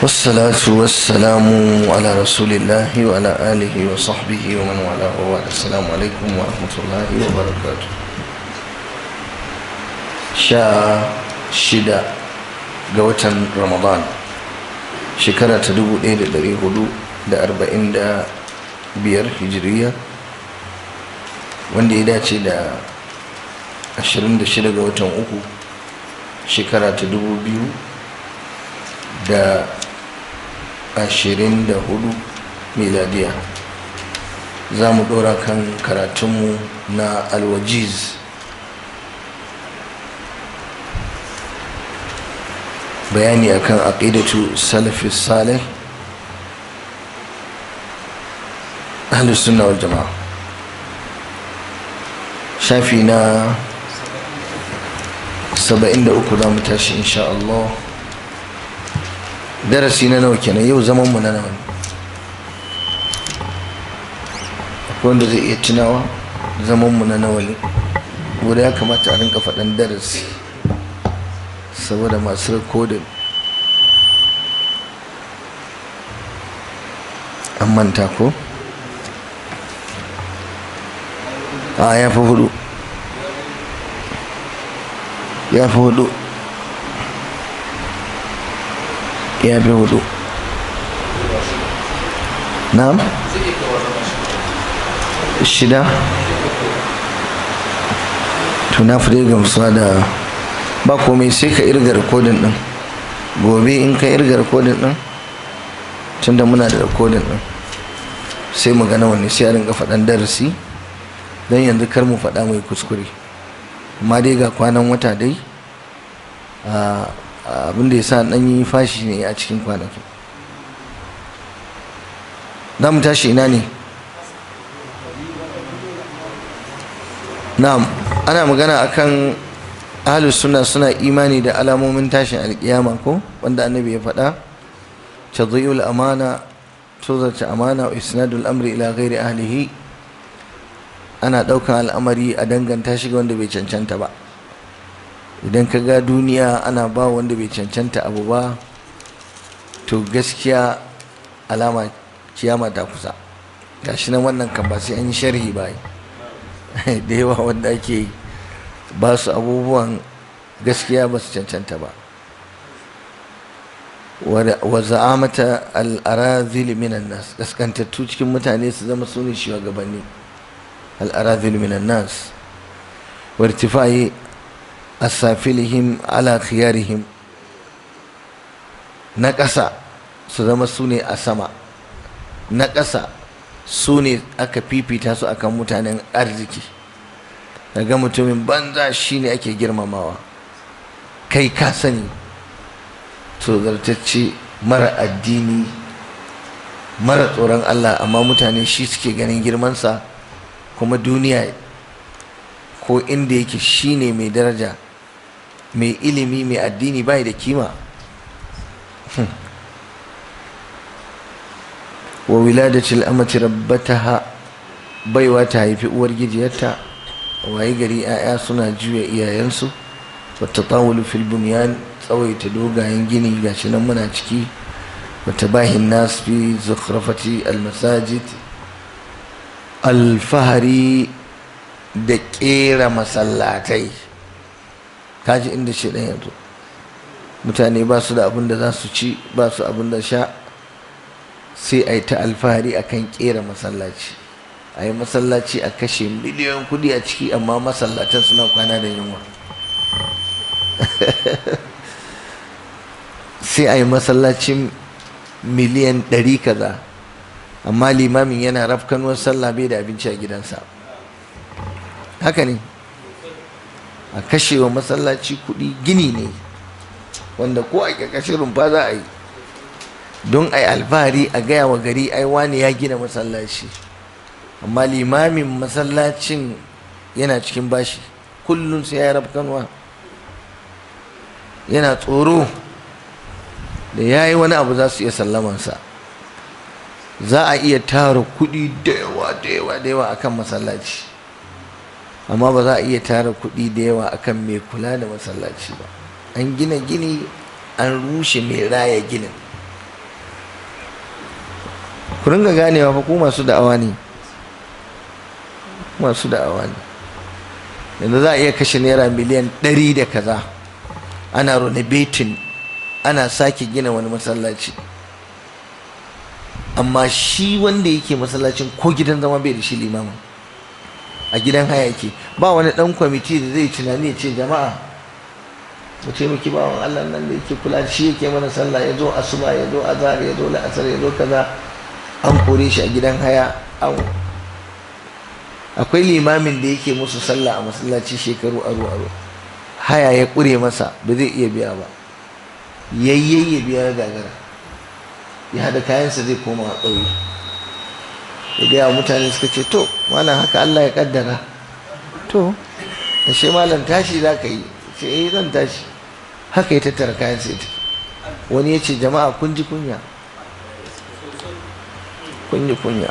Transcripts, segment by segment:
والصلاة والسلام على رسول الله وعلى آله وصحبه ومن والاه وبعد السلام عليكم ورحمة الله وبركاته شا شدا قوتا رمضان شكرا تدوب إلى دري هدو دا أربعين دا بير هجرية wanda ya dace da 26 ga watan uku shekara ta 2000 da 24 miladiya za mu dora kan karatunmu na alwajiz bayani akan aqidatu salafi salih ahlus sunna wal jamaa shafi na 73 za mu tashi insha'Allah. darasi na nawa kenan yau zaman mu na nawa akwai wanda zai iya tunawa zaman mu na nawa ne wanda ya kamata a rinka faɗan darasi saboda masu rikodin an manta ko a ah, ya fi hudu ya fi hudu ya bi hudu na'am shida tuna na fi gamsuwa da ba komai sai ka irga rikodin din gobe in ka irga rikodin din da muna da rikodin din sai mu gana wani sai ringa faɗan darasi don yanzu kar mu faɗa mai kuskure amma dai ga kwanan wata dai ah, abin da ya sa ɗan yi fashi ne a cikin kwanaki na mu tashi ina ne na ana magana akan ahlus sunna suna imani da alamomin tashin alkiyama ko wanda annabi ya faɗa tadhi'ul amana tuzata amana wa isnadul amri ila ghairi ahlihi ana ɗaukan al'amari a danganta shi ga wanda bai cancanta ba idan ka ga duniya ana ba wanda bai cancanta abu ba to gaskiya alama kiyama ta kusa shi nan wannan kan ba sai an sharhi ba da yawa wanda ake ba su abubuwan gaskiya ba su cancanta ba wa za'amata al'arazil minan nas gaskantattu cikin mutane su zama su ne shugabanni al'arazil minan nas wartifa'i asafilihim ala khiyarihim na ƙasa su zama su ne a sama na ƙasa su ne aka fifita su akan mutanen arziki daga mutumin banza shi ne ake girmamawa kai ka sani tozartacce mara addini mara tsoron Allah amma mutane shi suke ganin girmansa kuma duniya ko inda yake shi ne mai daraja mai ilimi mai addini bai da kima hmm. wa wiladatul amati rabbataha baiwa ta haifi uwar gijiyarta waye gari 'ya'ya suna juya iyayensu wata tawulu fil bunyan tsawaita dogayen gini gashi nan muna ciki wata bahin nas fi zukhrafati al masajid alfahari da kera masallatai kaji inda shi dan yanzu mutane ba su da abin da za su ci ba su abin da sha sai a yi ta alfahari a kan ƙera masallaci a yi masallaci a kashe miliyan kudi a ciki amma masallatan suna kwana da yunwa sai a yi masallacin miliyan ɗari kaza amma limamin yana rafkan rafkanuwar sallah bai da abinci a gidansa haka ne a kashewa masallaci kuɗi gini ne wanda ko a kashe rumfa za a yi don a yi alfahari a gaya wa gari ai wani ya gina masallaci amma limamin masallacin yana cikin bashi kullum sai ya kanwa yana tsoro da ya yi wani abu za su iya sallamansa za a iya tara kuɗi da yawa da yawa da yawa akan masallaci amma ba za a iya tara kuɗi da yawa akan mai kula da masallaci ba an gina gini an rushe mai raya ginin ku ringa ganewa fa ku masu da'awa ne masu da'awa ne yanzu za a iya kashe naira miliyan ɗari da kaza ana renovating ana sake gina wani masallaci amma shi wanda yake masallacin ko gidan zama bai da shi limamin a gidan haya yake ba wani dan kwamiti da zai tunani ya ce jama'a mu ce taimaki bawan Allah nan da yake kula shi yake mana sallah ya zo asuba ya zo azhar ya zo la'asar ya zo kaza an kore shi a gidan haya an akwai limamin da yake musu sallah a masallaci shekaru aro aro haya ya kure masa ba zai iya biya ba yayyayi ya biya gagara ya hada kayansa zai koma a ƙauye ya gaya mutane suka ce to malam haka Allah ya kaddara to da shi malam tashi za ka yi ce eh zan tashi haka ya tattara kayan sai wani ya ce jama'a kun ji kunya kun ji kunya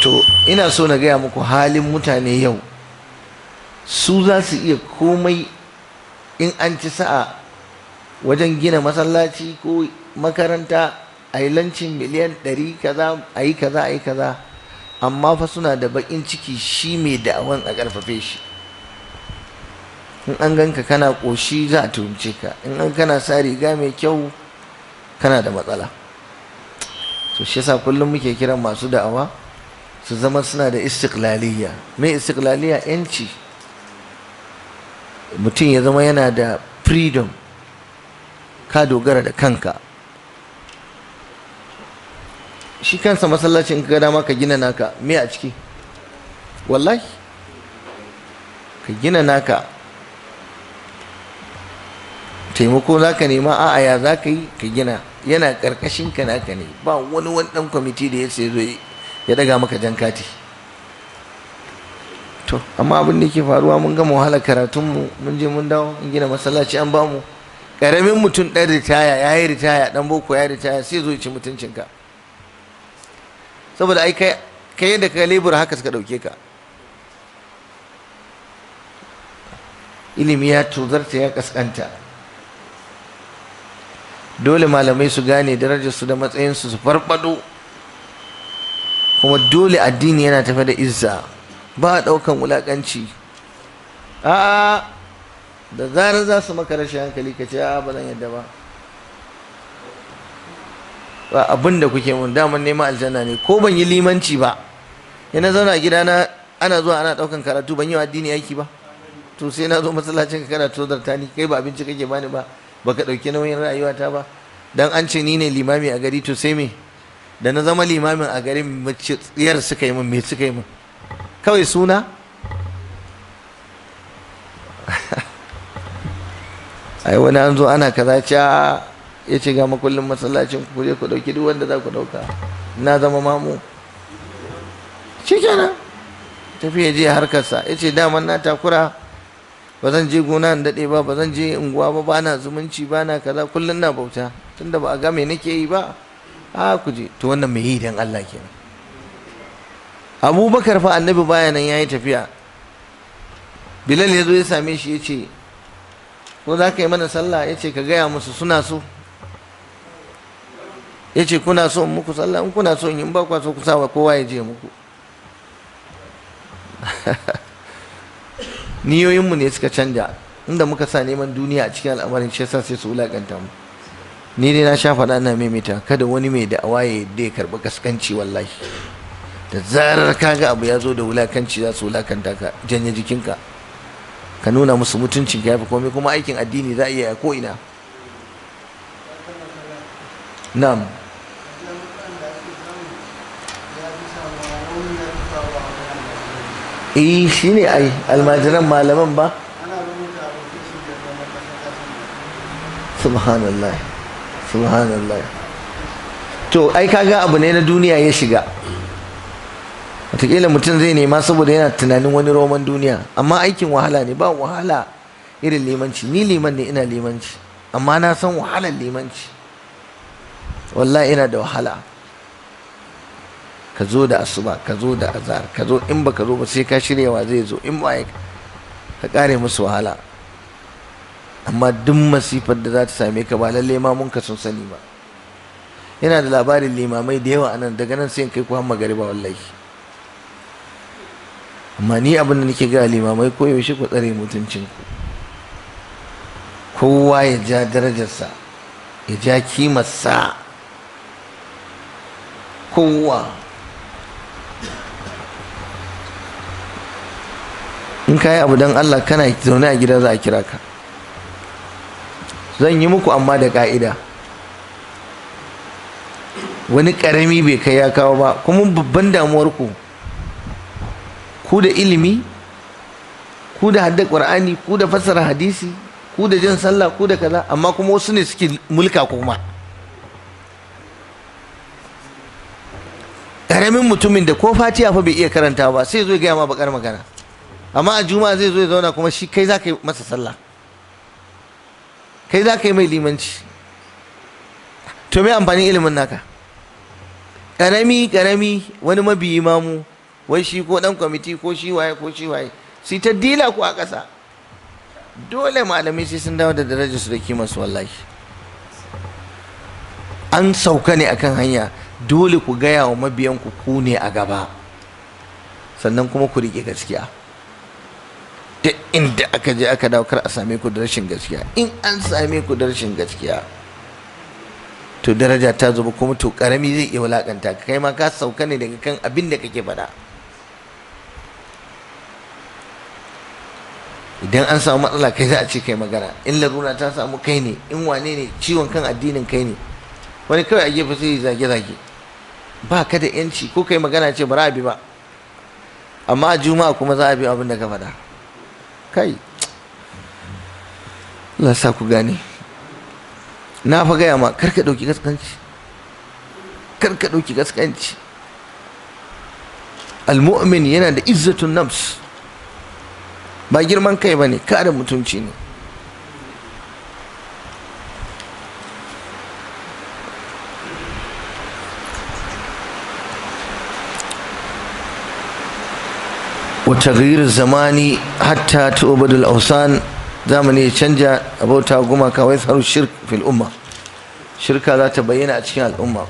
to ina so na gaya muku halin mutane yau su za su iya komai in an ci sa'a wajen gina masallaci ko makaranta a yi lancin miliyan ɗari kaza a yi kaza a yi kaza amma fa suna da bakin ciki shi mai da'awan a ƙarfafe shi in an ganka kana ƙoshi za a tumce ka in an kana sa riga mai kyau kana da matsala to shi yasa kullum muke kiran masu da'awa su zama suna da istiklaliya me istiklaliya yanci mutum ya zama yana da freedom ka dogara da kanka shi kansa masallacin ka dama ka gina naka me a ciki wallahi ka gina naka taimako za ka nema a aya za ka yi ka gina yana karkashin ka naka ne ba wani wani dan kwamiti da ya sai zo ya daga maka jan kati to amma abin da ke faruwa mun gama wahala karatunmu mun je mun dawo mun gina masallaci an bamu karamin mutum ɗan ritaya ya yi ritaya ɗan boko ya ritaya sai zo ya ci mutuncinka saboda ai kai kai yadda ka lebur haka suka dauke ka ilimi ya tuzarta ya kaskanta dole malamai su gane darajar su da matsayinsu su farfado kuma dole addini yana tafe da izza ba a ɗaukan wulakanci a'a da zarar za su maka rashin hankali ka ce a ba zan yadda ba ba abin da kuke mun daman neman aljanna ne ko ban yi limanci ba ya na zauna a gidana ana zuwa ana ɗaukan karatu ban yi wa addini aiki ba to sai na zo masallacin ka kana tozar ta ni kai ba abinci kake bani ba baka ɗauki nauyin rayuwata ba dan an ce ni ne limami a gari to sai me da na zama limamin a garin mace tsiyar suka yi min me suka yi min kawai suna ai wani an zo ana kaza ca ya ce ga makullin masallacin ku je ku dauki duk wanda za ku dauka na zama mamu kenan tafi ya je harkarsa ya ce daman na takura ba zan je gona in daɗe ba ba zan je unguwa ba bana zumunci bana kaza kullum na bauta tunda ba a ga me nake yi ba a ku je to wannan me yi dan Allah kenan abubakar fa annabi baya nan yayi tafiya bilal ya zo ya same shi ya ce ko za ka yi mana sallah ya ce ka gaya musu suna so yace kuna so in muku sallah in kuna so in ba kwa so ku sawa kowa ya je muku niyoyinmu ne suka canja inda muka sa neman duniya a cikin al'amarin shi yasa sai su wulakanta mu ni dai na sha faɗa ina maimaita kada wani mai da awaye yadda ya karɓi kaskanci wallahi da zarar ka ga abu ya zo da wulakanci za su wulakanta ka janye jikinka ka nuna musu mutuncin ka yafi komai kuma aikin addini za a iya ko ina na'am eh shine ne ai almajiran malaman ba subhanallah subhanallah to ai kaga abu ne na duniya ya shiga wataƙila mutum zai nema saboda yana tunanin wani roman duniya amma aikin wahala ne ba wahala irin limanci ni liman ne ina limanci amma na san wahalar limanci wallahi ina da wahala ka zo da asuba ka zo da azar ka zo in baka zo ba sai ka shiryawa zai zo in ba ka kare musu wahala amma duk masifar da za ta same ka ba lalle ma mun ka sun sani ba yana da labarin limamai da yawa anan daga nan sai in kai ku hamma gari ba wallahi amma ni abin da nake ga limamai ko yaushe ku tsare mutuncin ku kowa ya ja darajarsa ya ja kimarsa kowa in yi abu don Allah kana zaune a gida za a kira ka zan yi muku amma da ka'ida wani karami bai kai ya kawo ba kuma babban damuwar ku ku da ilimi ku da haddar ƙwar'ani ku da fassara hadisi ku da jin sallah ku da kaza amma kuma wasu ne suke mulka kuma ƙaramin mutumin da ko fatiha fa bai iya karanta ba sai zo gaya ma bakar magana amma a juma'a zai zo ya zauna kuma shi kai za ka yi masa sallah kai za ka yi mai limanci to me amfanin ilimin naka ƙarami ƙarami wani mabiyi mamu wai shi ko ɗan kwamiti ko shi waye ko shi waye sai ta dila ku a ƙasa dole malamai sai sun dawo da darajar su da kimar su wallahi an sauka ne akan hanya dole ku gaya wa mabiyanku ku ne a gaba sannan kuma ku riƙe gaskiya duk inda aka je aka dawo kar a same ku da gaskiya in an same ku da gaskiya to daraja ta zuba kuma to karami zai iya wulakanta ka kai ma ka sauka ne daga kan abin da kake faɗa idan an samu matsala kai za a ce kai magana in larura ta samu kai ne in wane ne ciwon kan addinin kai ne wani kawai a gefe sai zage-zage ba ka da yanci ko kai magana ce ba za a bi ba amma a juma'a kuma za a bi abin da ka faɗa kai Allah sa ku gane na fa gaya ma karka ɗauki gaskanci karka ɗauki gaskanci almu'min yana da izzatun nafs ba girman kai ba ne kada mutunci ne وتغيير الزمان حتى تعبد الأوثان زمني canja abota gumaka wa yatharu shirk fil umma shirka za ta bayyana a cikin al'umma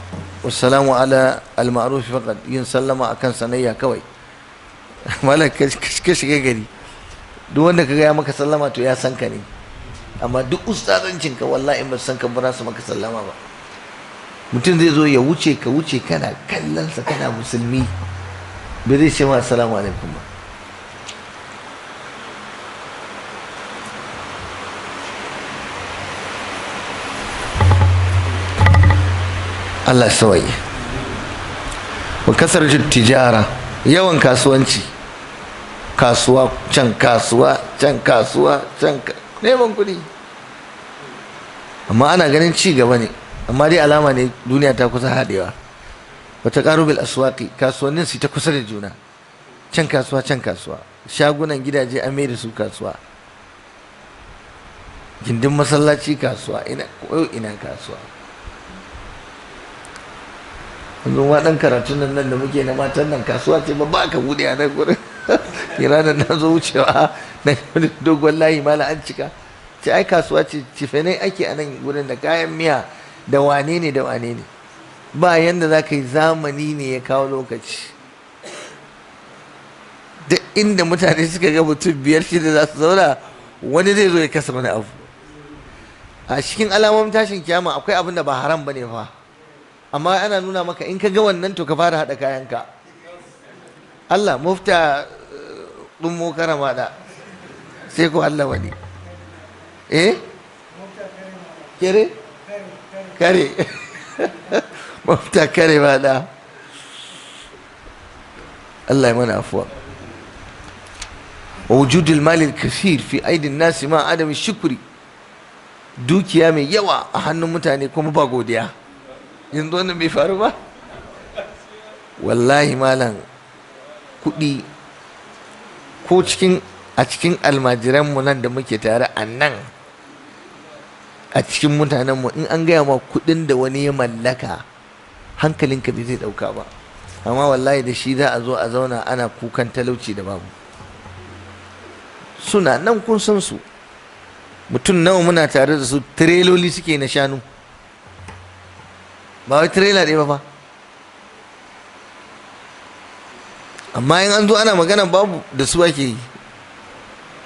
wassalamu ala al ma'ruf yin sallama akan sanayya kawai malak ka shiga gari duk wanda kaga maka sallama to ya san ka ne amma duk ustazancin ka in ba san ka maka sallama ba mutum zai zo ya wuce ka wuce kana kallon sa kana musulmi bai zai ce ma assalamu alaikum ba Allah sawaye wa kasar tijara yawan kasuwanci kasuwa can kasuwa can kasuwa can neman kuɗi amma ana ganin ci gaba ne amma dai alama ne duniya ta kusa haɗewa wata ƙarubil aswaki kasuwannin su ta kusa da juna can kasuwa can kasuwa shagunan gidaje an mai da su kasuwa gindin masallaci kasuwa ina ko ina kasuwa yanzu ma dan karatun nan nan da muke na matan nan kasuwa ce ba ka bude a nan gurin kira da na zo wucewa na dogon layi mala an cika ce ai kasuwa ce ne ake a nan gurin da kayan miya da wane ne da wane ne ba yanda za ka yi zamani ne ya kawo lokaci da inda mutane suka ga mutum biyar shida za su zauna wani zai zo ya kasa wani abu a cikin alamomin tashin kiyama akwai abin da ba haram ba ne fa amma ana nuna maka in ka ga wannan to ka fara haɗa kayanka Allah mufta eh, ɗummo karama da sai ko Allah wani eh kere kare mufta kare ma da Allah ya mana afuwa ووجود المال الكثير في أيدي الناس مع عدم الشكر dukiya mai yawa a hannun mutane kuma ba godiya yanzu wannan bai faru ba wallahi malam kudi ko cikin a cikin almajiranmu nan da muke tare a nan a cikin mutanenmu in an gaya ma kuɗin da wani ya mallaka hankalinka bai zai ɗauka ba amma wallahi da shi za a zo a zauna ana kukan talauci da babu suna nan kun san su mutum nawa muna tare da su tireloli suke na shanu ba wai trailer ɗaya ba amma in an zo ana magana babu da su ake yi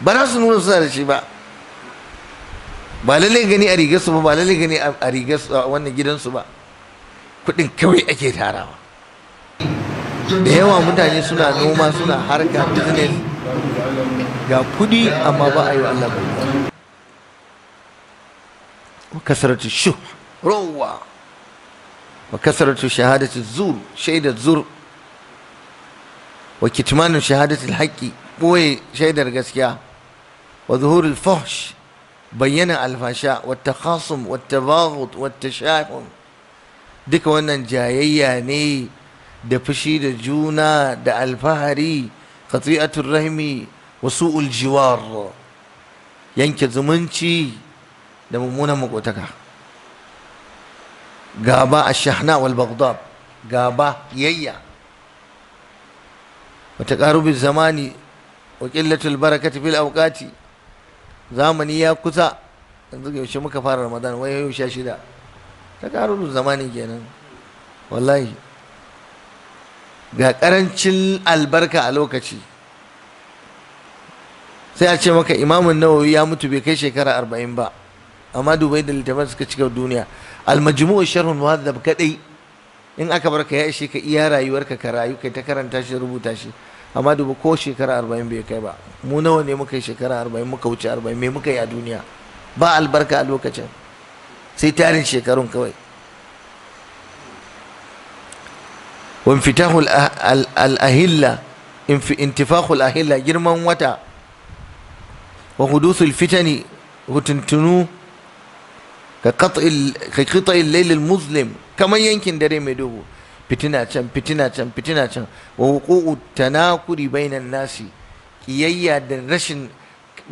ba za su nuna suna da shi ba ba lallai gani a rigarsu ba ba lallai gani a rigarsu a wannan gidansu ba kuɗin kawai ake tarawa da yawa mutane suna noma suna harka business ga kuɗi amma ba a yi wa Allah ba kasaratu shu rowa wa kasaratu shahadati zur shaidar zur wa kitmanu shahadati alhaqi boye shaidar gaskiya wa zuhurul fahsh bayyana alfasha wa takhasum wa tabaghut wa tashahum duka wannan jayayya ne da fushi da juna da alfahari qati'atul rahmi wa su'ul jiwar yanke zumunci da mummunan makotaka gaba a shahna wal baghdad gaba yayya wata ƙarubin zamani wa qillatul barakati fil awqati zamani ya kusa yanzu yaushe muka fara ramadan wai yau sha shida ƙarubin zamani kenan wallahi ga ƙarancin albarka a lokaci sai a ce maka imamun nawawi ya mutu bai kai shekara arba'in ba amma dubai da littafin suka cika duniya almajmu'u sharhun muhaddab kadai in aka bar ka ya ishe ka iya rayuwarka ka rayu kai ta karanta shi rubuta shi amma duba ko shekara arba'in bai kai ba mu nawa ne muka yi shekara arba'in muka wuce arba'in me muka yi a duniya ba albarka a lokacin sai tarin shekarun kawai وانفتاح الأهلة انتفاخ الأهلة جرما وتا وحدوث الفتن وتنتنو ka qat'il lailil muslim kamar yankin dare mai duhu fitina can fitina can fitina can wa wuqu'u tanakuri bainan nasi kiyayya da rashin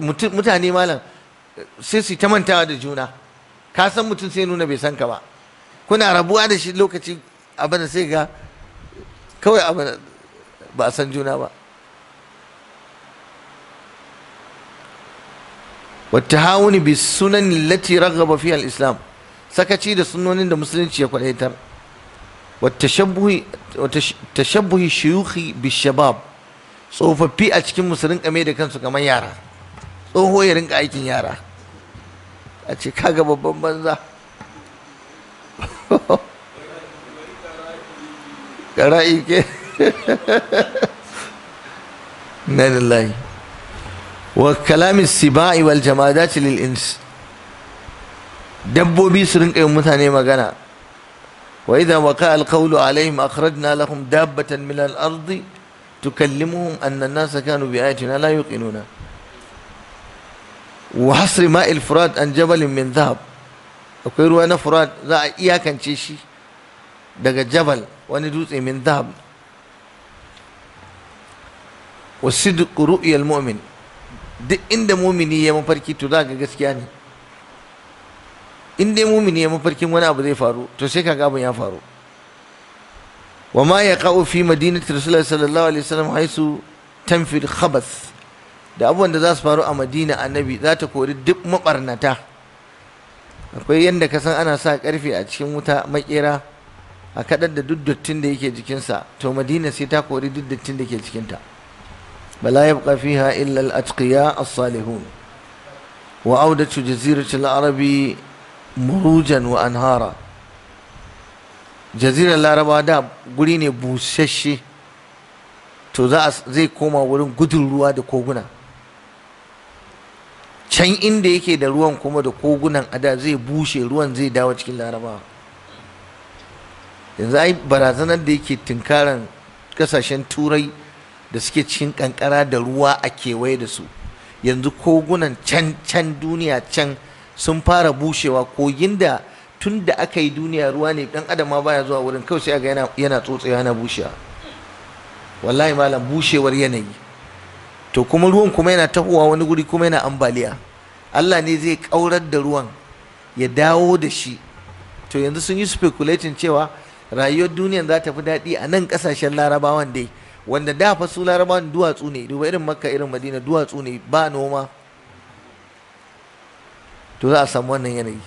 mutane malam sai su ta mantawa da juna ka san mutum sai nuna bai san ka ba kuna rabuwa da shi lokaci abin sai ga kawai abin ba a san juna ba wattahawuni bi sunan allati raghaba fiha al-islam sakaci da sunonin da musulunci ya kwalaitar wattashabbuhi wattashabbuhi shuyukhi bi shabab tsofaffi a cikin musulun kame da kansu kamar yara tsoho ya rinka aikin yara a ce babban banza وكلام السباع والجمادات للإنس دبوا بيسرن كيوم مثاني مغانا وإذا وقع القول عليهم أخرجنا لهم دابة من الأرض تكلمهم أن الناس كانوا بآياتنا لا يوقنون وحصر ماء الفرات عن جبل من ذهب وكيرو أنا فرات لا za كان iyakance دقى جبل jabal من ذهب والصدق dhahab المؤمن duk inda mumini ya mafarki to za ga gaskiya ne inda mumini ya mafarkin wani abu zai faru to sai kaga ya faru wa ma yaqa'u fi madinati rasulullahi sallallahu alaihi wasallam haisu tanfir khabas da abubuwan da za su faru a madina annabi za ta kori duk mabarnata akwai yadda ka san ana sa karfe a cikin wuta makera a kadar da duk dattin da yake jikinsa to madina sai ta kori duk dattin da ke cikinta فلا يبقى فيها إلا الأتقياء الصالحون وأودت جزيرة العرب مروجا وأنهارا جزيرة العرب هذا قرين بوسشي to zai koma wurin gudun ruwa da koguna can inda yake da ruwan kuma da kogunan a da zai bushe ruwan zai dawo cikin Laraba. yanzu ai barazanar da yake tunkaran kasashen turai da suke cikin kankara da ruwa a kewaye da su yanzu kogunan can can duniya can sun fara bushewa kogin da tun da aka yi duniya ruwa ne dan adama baya zuwa wurin kawai sai ga yana yana tsotsewa yana bushewa wallahi malam bushewar yanayi to kuma ruwan kuma yana tahowa wani guri kuma yana ambaliya Allah ne zai kaurar da ruwan ya dawo da shi to yanzu sun yi speculating cewa rayuwar duniya za ta fi daɗi a nan ƙasashen larabawan dai wanda da fa su laraban duwatsu ne duba irin makka irin madina duwatsu ne ba noma to za a samu wannan yanayi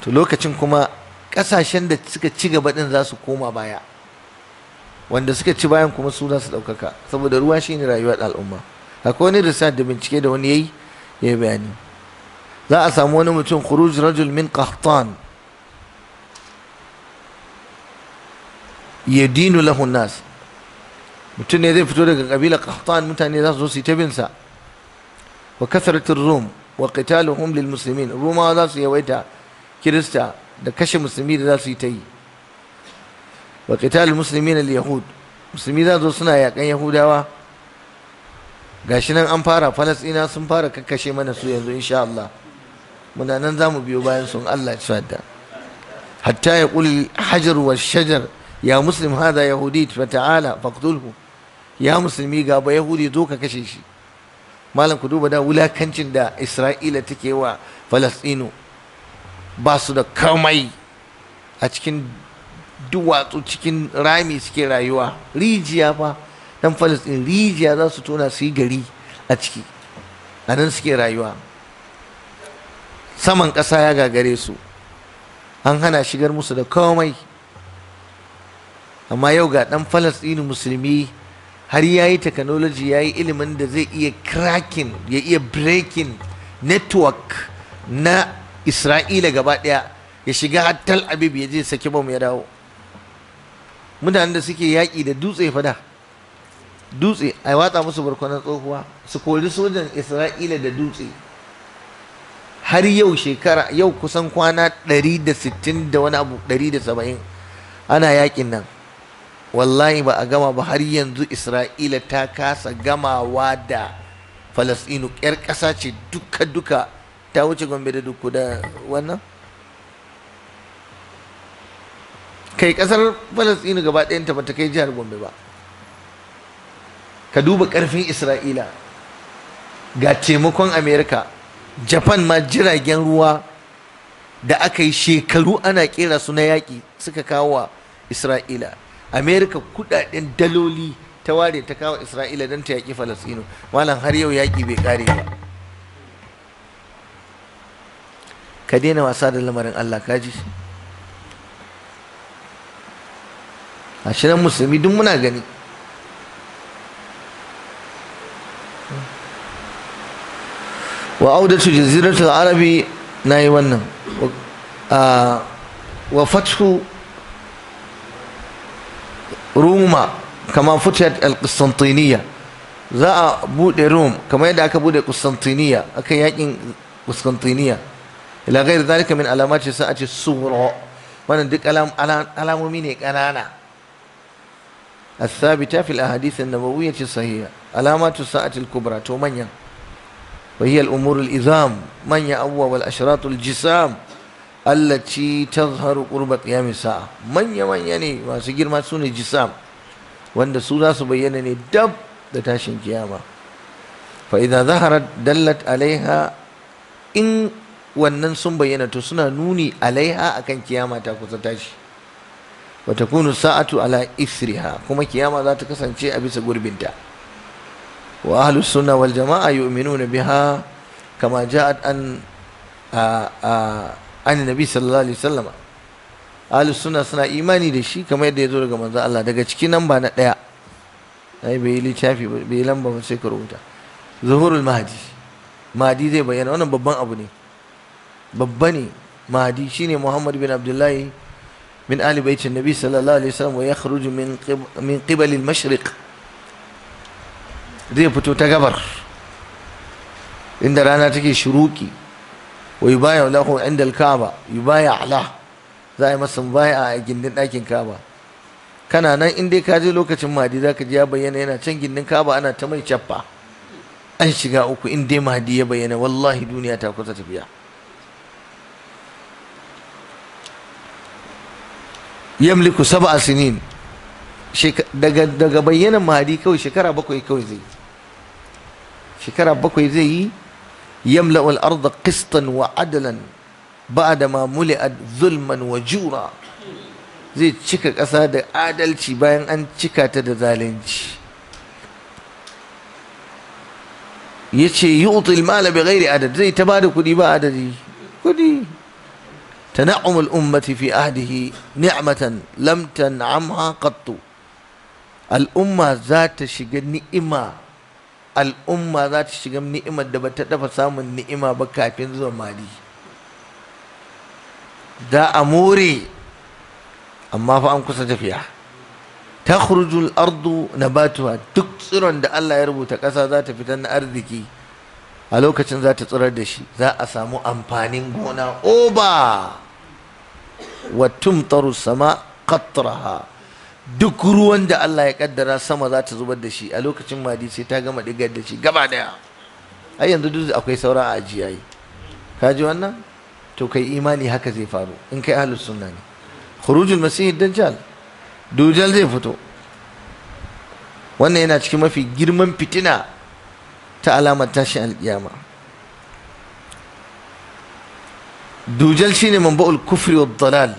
to lokacin kuma kasashen da suka ci gaba din za su koma baya wanda suka ci bayan kuma su za su ɗaukaka saboda ruwa shi ne rayuwar al'umma akwai wani research da bincike da wani yayi ya yi bayani za a samu wani mutum khuruj rajul min qahtan yadinu lahu nas mutum ne zai fito daga kabilar qahtan mutane za su zo su yi ta bin sa wa kasratir rum wa qitaluhum lil muslimin rumawa za su yawaita kirista da kashe musulmi da za su yi ta yi wa qitalul muslimin al yahud musulmi za su suna yakan yahudawa gashi nan an fara falastina sun fara kakkashe mana su yanzu insha Allah muna nan za mu biyo bayan sun Allah ya sa hatta ya qul hajar wa shajar ya muslim hada yahudi fa ta'ala faqtulhu ya musulmi ga ba yahudi zo ka kashe shi malam ku duba da wulakancin da isra'ila take wa Falasɗinu ba su da kamai a cikin duwatsu cikin rami suke rayuwa rijiya fa dan falastin rijiya za su tona su yi gari a ciki a nan suke rayuwa saman ƙasa ya gagare su an hana shigar musu da komai amma yau ga ɗan falastini musulmi har ya yi technology ya yi ilimin da zai iya cracking ya iya breaking network na isra'ila gaba daya ya shiga har tal ya je saki bom ya dawo mutanen da suke yaƙi da dutse fada dutse a watsa musu barkwanon tsohuwa su kori sojan isra'ila da dutse har yau shekara yau kusan kwana 160 da wani abu 170 ana yaƙin nan wallahi ba a gama ba har yanzu isra'ila ta kasa gamawa da Falasinu. Yar ƙasa ce duka-duka ta wuce gombe da duku da wannan kai ƙasar Falasinu gaba ɗayanta ba ta kai jihar gombe ba ka duba ƙarfin isra'ila ga taimakon amerika japan ma jiragen ruwa da aka yi shekaru ana ƙera su na yaƙi suka kawo wa isra'ila Amerika kudaden daloli ta ware ta kawo isra'ila don ta yaƙi Falasino, malam har yau yaƙi bai ƙare ba ka daina wasa da lamarin allah kaji a shirin musulmi duk muna gani wa audatu jaziratul arabi na yi wannan wa ah, fathu روما كما فتحت القسطنطينية za a buɗe Rome kamar yadda aka buɗe Constantinople aka yakin Constantinople ila gair zalika min alamati sai a ce suro wannan duk alam alamomi ne kanana as-sabita fil ahadith an-nabawiyya ce sahiha alamatu sa'at al-kubra to manyan wa hiya al izam manya abwa wal ashratu al-jisam allaci tazharu qurba qiyamis sa'a manya manya ne masu girma sune jisam wanda su za su bayyana ne dab da tashin kiyama fa idza zaharat dallat alaiha in wannan sun bayyana to suna nuni alaiha akan kiyama ta kusa tashi wa takunu sa'atu ala isriha kuma kiyama za ta kasance a bisa gurbinta wa ahlu sunna wal jama'a yu'minuna biha kama ja'at an a an nabi sallallahu alaihi wasallama ahlus sunna suna imani da shi kamar yadda ya zo daga manzon Allah daga cikin namba na daya ai bai littafi bai lamba ba sai ka rubuta zuhurul mahdi mahdi zai bayyana wannan babban abu ne babba ne mahdi shine muhammad bin abdullahi min ali baitin nabi sallallahu alaihi wasallam wa yakhruju min min qibal al mashriq zai fito ta gabar inda rana take shuruki wa yubaya lahu inda al-kaaba yubaya ala za a masa mubaya a gindin ɗakin kaaba kana nan in dai ka je lokacin mahdi za ka ji ya bayyana yana can gindin kaaba ana ta mai cappa an shiga uku in dai mahdi ya bayyana wallahi duniya ta kusa tafiya yamliku sab'a sinin daga bayyanan mahdi kawai shekara bakwai kawai shekara bakwai zai yi يملأ الأرض قسطا وعدلا بعدما ملئت ظلما وجورا zai cika ƙasa da adalci bayan an cika ta da zalunci ya ce yi utul mala bi zai ta bada kuɗi ba adadi kuɗi tana'umul ummati fi ahdihi ni'matan lam tan'amha qattu al'umma za ta shiga ni'ima al'umma za ta shiga ni'imar da ba ta dafa samun ni'ima ba kafin zuwa mali da a more amma fa an kusa tafiya ta khurujul ardu nabatuha duk tsiron da Allah ya rubuta ƙasa za ta fitar na arziki a lokacin za ta tsirar da shi za a samu amfanin gona oba wa tumtaru sama qatraha duk ruwan da Allah ya kaddara sama za ta zubar da shi a lokacin madi sai ta gama digar da shi gaba daya ai yanzu duk akwai saura a ajiya yi ka ji wannan to kai imani haka zai faru in kai ahlus sunna ne khurujul masih dajjal dujal zai fito wannan yana cikin mafi girman fitina ta alamar tashin alkiyama dujal shine manba'ul kufri wad dalal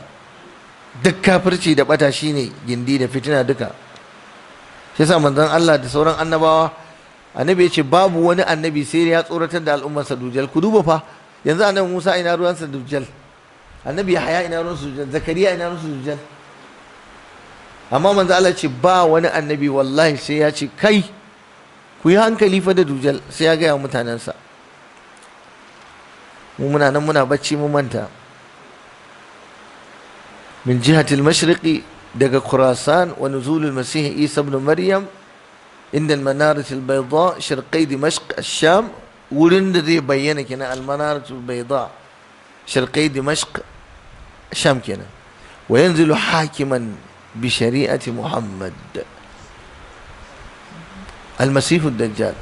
duk kafirci da bata shine gindi da fitina duka shi yasa manzon Allah da sauran annabawa annabi ya ce babu wani annabi sai ya tsoratar da sa dujal ku duba fa yanzu annabi Musa ina ruwansa dujal annabi Yahaya ina sa dujal Zakariya ina sa dujal amma manzo Allah ce ba wani annabi wallahi sai ya ce kai ku yi hankali fa da dujal sai ya gaya sa. mu muna nan muna bacci mu manta من جهة المشرق دق خراسان ونزول المسيح عيسى ابن مريم عند المنارة البيضاء شرقي دمشق الشام ولند ذي بينك كنا المنارة البيضاء شرقي دمشق الشام كنا وينزل حاكما بشريعة محمد المسيح الدجال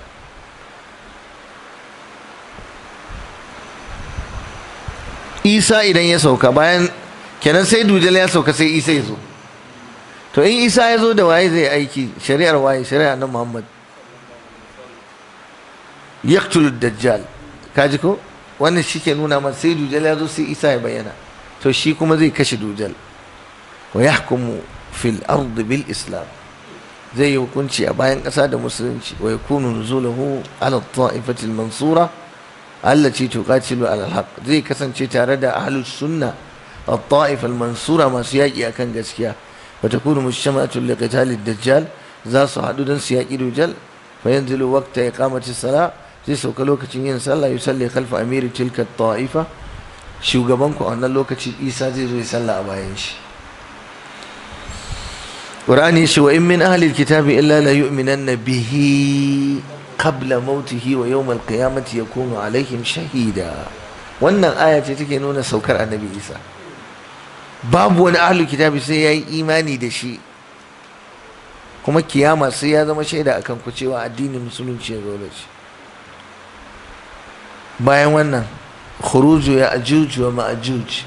عيسى إلى يسوع sauka kenan sai dujal ya sauka sai isa ya zo to in isa ya zo da waye zai aiki shari'ar waye shari'ar na muhammad yaqtulu dajjal kaji ko wannan shi ke nuna man sai dujal ya zo sai isa ya bayyana to shi kuma zai kashe dujal wa yahkumu fil ard bil islam zai yi hukunci a bayan ƙasa da musulunci wa yakunu nuzuluhu ala ta'ifatil mansura allati tuqatilu ala al zai kasance tare da ahlus sunna masu الطائفة المنصورة ما سياقي أكن قسكيا وتكون مجتمعة لقتال الدجال ذا صعدودا سياقي دجال ya وقت إقامة الصلاة zai sauka lokacin yin sallah ya salli kalfa amiri tilka ta'ifa shugaban ku a wannan lokaci isa zai zo ya sallah a bayan shi qur'ani shi wa in min ahli alkitabi illa la yu'minanna bihi qabla mautihi wa yawm ya koma alaihim shahida wannan aya ce take nuna saukar annabi isa babu wani ahlul kitabi sai ya yi imani da shi kuma kiyama sai ya zama shaida akan ku cewa addinin musulunci ya zo da shi bayan wannan khuruju ya ajuju wa ma'ajuju.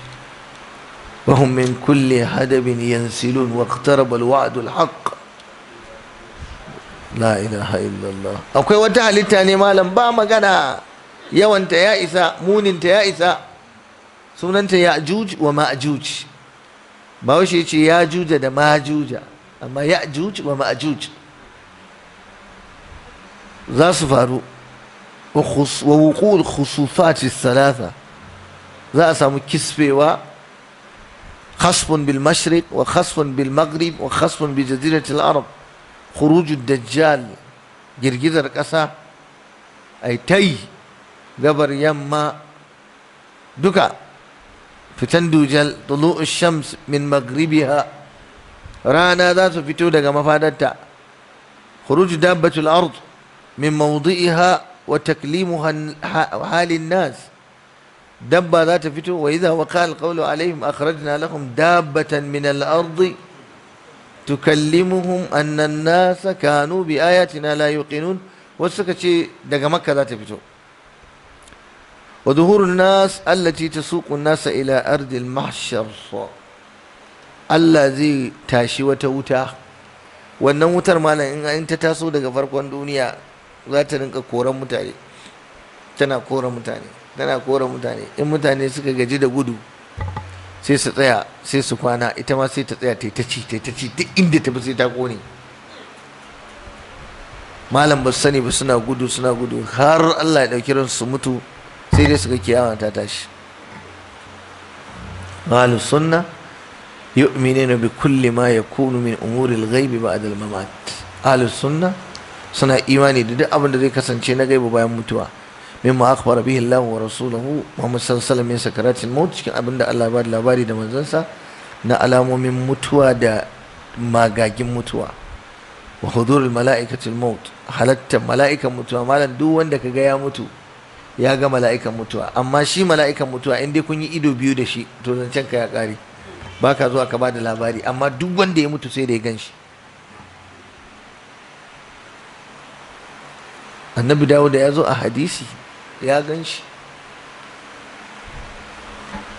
wa hum min kulli hadabin yansilun wa iqtaraba al al-haqq la ilaha akwai wata halitta ne malam ba magana yawanta ya isa muninta ya isa sunanta ya ajuju wa ma'ajuju. bahaushe ce ya juja da majuja amma ya juji wa ma'ajuj za su faru wa wuqul khusufat thalatha za a samu kisfewa khasfun bil mashriq wa khasfun bil maghrib wa khasfun bi jazirat al arab khuruj dajjal girgizar kasa ai tai gabar yamma duka fitan dujal tulu'u shams min maghribiha rana za su fito daga mafadarta khuruj dabbatul ard min mawdi'iha wa taklimu halin nas dabba za ta fito wa idha waqa alqawlu alaihim akhrajna lahum dabbatan min al-ard tukallimuhum anna an-nasa kanu bi ayatina la yuqinun wasu ka ce daga makka za ta fito Wa وظهور الناس التي تسوق الناس إلى أرض المحشر Allah zai tashi wata wuta wannan wutar malam in in ta taso daga farkon duniya za ta rinka koran mutane tana koran mutane tana koran mutane in mutane suka gaji da gudu sai su tsaya sai su kwana ita ma sai ta tsaya ta ta ci ta ta ci duk inda ta sai ta kone malam ba su sani ba suna gudu suna gudu har Allah ya ɗauki ransu mutu sai dai su ga ta tashi ahlus sunna yu'minuna bi kulli ma yakunu min umuril ghaibi ba'da al-mamat ahlus sunna suna imani da duk abin da zai kasance na gaibu bayan mutuwa mimma akhbara bihi Allah wa rasuluhu Muhammad sallallahu alaihi min sakaratil maut cikin abin da Allah ba da labari da manzansa na alamomin mutuwa da magagin mutuwa wa hudurul mala'ikatil maut halattar mala'ikan mutuwa malam duk wanda kaga ya mutu ya ga mala'ikan mutuwa amma shi mala'ikan mutuwa in dai kun yi ido biyu da shi to zancen ka ya kare baka zuwa ka bada labari amma duk wanda ya mutu sai da ya gan shi annabi da ya zo a hadisi ya gan shi